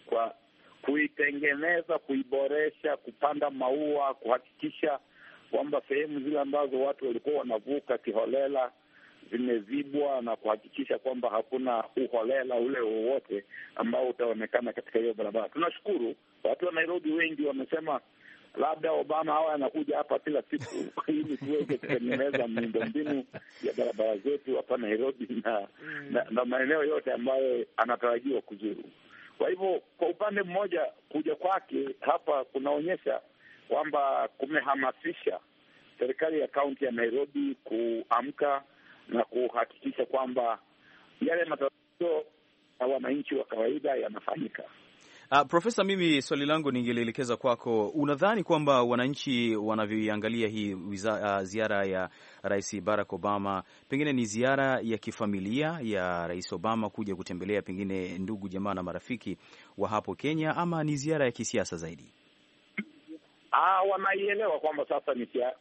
[SPEAKER 9] kwa kuitengeneza, kuiboresha, kupanda maua, kuhakikisha kwamba sehemu zile ambazo watu walikuwa wanavuka kiholela zimezibwa na kuhakikisha kwamba hakuna uholela ule wowote ambao utaonekana katika hiyo barabara. Tunashukuru watu wa Nairobi wengi wamesema labda Obama hawa anakuja hapa kila siku [laughs] ili tuweze kutengeneza mbinu ya barabara zetu hapa Nairobi na, mm. na, na maeneo yote ambayo anatarajiwa kuzuru. Kwa hivyo kwa upande mmoja, kuja kwake hapa kunaonyesha kwamba kumehamasisha serikali ya kaunti ya Nairobi kuamka na kuhakikisha kwamba yale matatizo ya wananchi wa kawaida yanafanyika.
[SPEAKER 2] Uh, Profesa, mimi swali langu ningelielekeza kwako. Unadhani kwamba wananchi wanavyoiangalia hii uh, ziara ya Rais Barack Obama pengine ni ziara ya kifamilia ya Rais Obama kuja kutembelea pengine ndugu jamaa na marafiki wa hapo Kenya ama ni ziara ya kisiasa zaidi?
[SPEAKER 9] Ah, wanaielewa kwamba sasa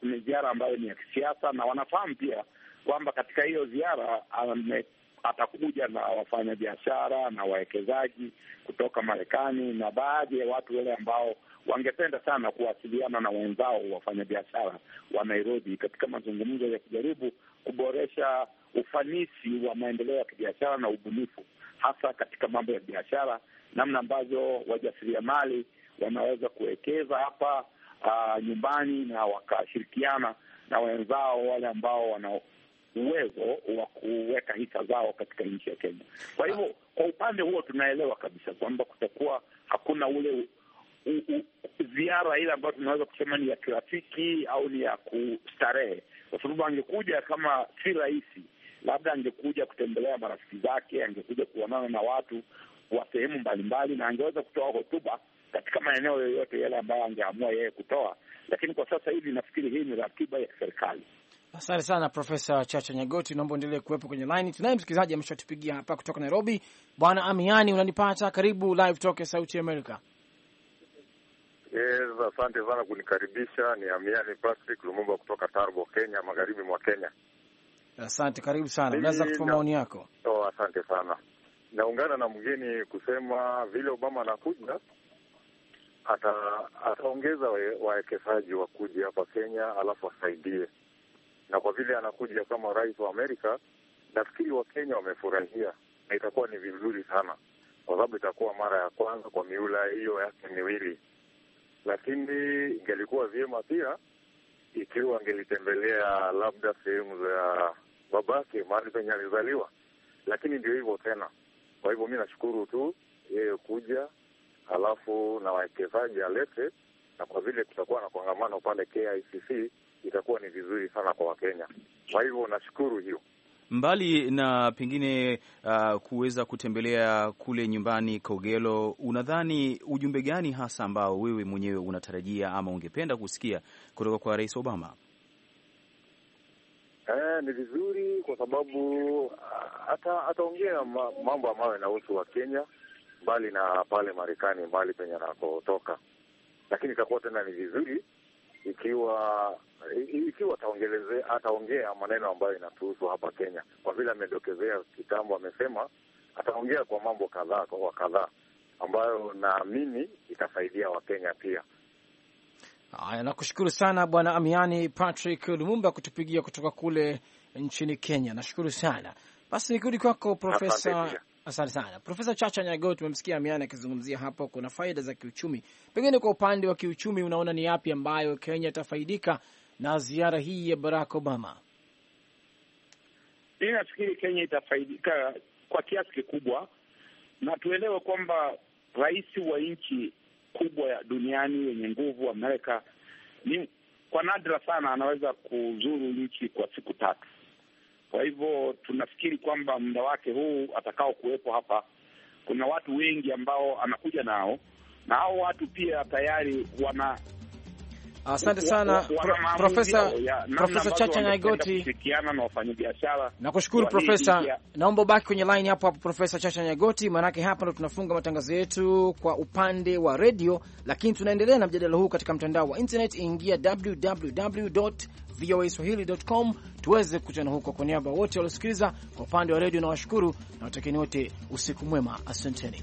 [SPEAKER 9] ni ziara ambayo ni ya kisiasa na wanafahamu pia kwamba katika hiyo ziara ame, ah, atakuja na wafanyabiashara na wawekezaji kutoka Marekani na baadhi ya watu wale ambao wangependa sana kuwasiliana na wenzao wafanyabiashara wa Nairobi katika mazungumzo ya kujaribu kuboresha ufanisi wa maendeleo ya kibiashara na ubunifu, hasa katika mambo ya biashara, namna ambavyo wajasiriamali wanaweza kuwekeza hapa uh, nyumbani na wakashirikiana na wenzao wale ambao wana uwezo wa kuweka hisa zao katika nchi ya Kenya. Kwa hivyo kwa upande huo tunaelewa kabisa kwamba kutakuwa hakuna ule u, u, ziara ile ambayo tunaweza kusema ni ya kirafiki au ni ya kustarehe, kwa sababu angekuja kama si rahisi labda angekuja kutembelea marafiki zake, angekuja kuonana na watu wa sehemu mbalimbali, na angeweza kutoa hotuba katika maeneo yoyote yale ambayo angeamua yeye kutoa. Lakini kwa sasa hivi nafikiri hii ni ratiba ya serikali.
[SPEAKER 1] Asante sana Profesa Chacha Nyagoti, naomba uendelee kuwepo kwenye laini. Tunaye msikilizaji ameshatupigia hapa kutoka Nairobi, Bwana Amiani, unanipata? Karibu Live Talk ya Sauti Amerika.
[SPEAKER 10] Yes, asante sana kunikaribisha. Ni Amiani Patrick Lumumba kutoka Tarbo, Kenya, magharibi mwa Kenya.
[SPEAKER 1] Asante, karibu sana, unaweza kutoa maoni yako?
[SPEAKER 10] Oh, asante sana. Naungana na mgeni kusema vile Obama anakuja ataongeza wawekezaji wakuja hapa Kenya, alafu asaidie na kwa vile anakuja kama rais wa Amerika, nafikiri Wakenya wamefurahia na itakuwa ni vizuri sana, kwa sababu itakuwa mara ya kwanza kwa miula hiyo yake miwili. Lakini ingelikuwa vyema pia ikiwa angelitembelea labda sehemu za babake, mahali penye alizaliwa, lakini ndio hivyo tena. Kwa hivyo mi nashukuru tu yeye kuja, halafu na wawekezaji alete, na kwa vile tutakuwa na kongamano pale KICC itakuwa ni vizuri sana kwa Wakenya. Kwa hivyo nashukuru hiyo
[SPEAKER 2] mbali na pengine uh, kuweza kutembelea kule nyumbani Kogelo, unadhani ujumbe gani hasa ambao wewe mwenyewe unatarajia ama ungependa kusikia kutoka kwa Rais Obama?
[SPEAKER 10] Eh, ni vizuri kwa sababu uh, ataongea ma, mambo ambayo yanahusu wa Kenya mbali na pale Marekani, mbali penye anakotoka, lakini itakuwa tena ni vizuri ikiwa ikiwa ataongelezea ataongea maneno ambayo inatuhusu hapa Kenya, kwa vile amedokezea kitambo, amesema ataongea kwa mambo kadhaa kwa kadhaa ambayo naamini itasaidia Wakenya pia.
[SPEAKER 1] Haya, nakushukuru sana Bwana Amiani Patrick Lumumba kutupigia kutoka kule nchini Kenya. Nashukuru sana. Basi nikirudi kwako Profesa Asante sana Profesa Chacha Nyago, tumemsikia Amiani akizungumzia hapo, kuna faida za kiuchumi. Pengine kwa upande wa kiuchumi, unaona ni yapi ambayo Kenya itafaidika na ziara hii ya Barack Obama?
[SPEAKER 9] ii nafikiri Kenya itafaidika kwa kiasi kikubwa, na tuelewe kwamba rais wa nchi kubwa ya duniani yenye nguvu Amerika, ni kwa nadra sana anaweza kuzuru nchi kwa siku tatu kwa hivyo tunafikiri kwamba muda wake huu atakao kuwepo hapa, kuna watu wengi ambao anakuja nao, na hao watu pia tayari wana
[SPEAKER 1] Asante sana Profesa Profesa Chacha Nyaigoti,
[SPEAKER 9] nakushukuru Profesa.
[SPEAKER 1] Naomba ubaki kwenye line hapo hapo, Profesa Chacha Nyaigoti, maanake hapa ndo tunafunga matangazo yetu kwa upande wa redio, lakini tunaendelea na mjadala huu katika mtandao wa internet. Ingia www voa swahili.com tuweze kukutana huko. Kwa niaba wote waliosikiliza kwa upande wa redio, na washukuru na watakeni wote usiku mwema, asanteni.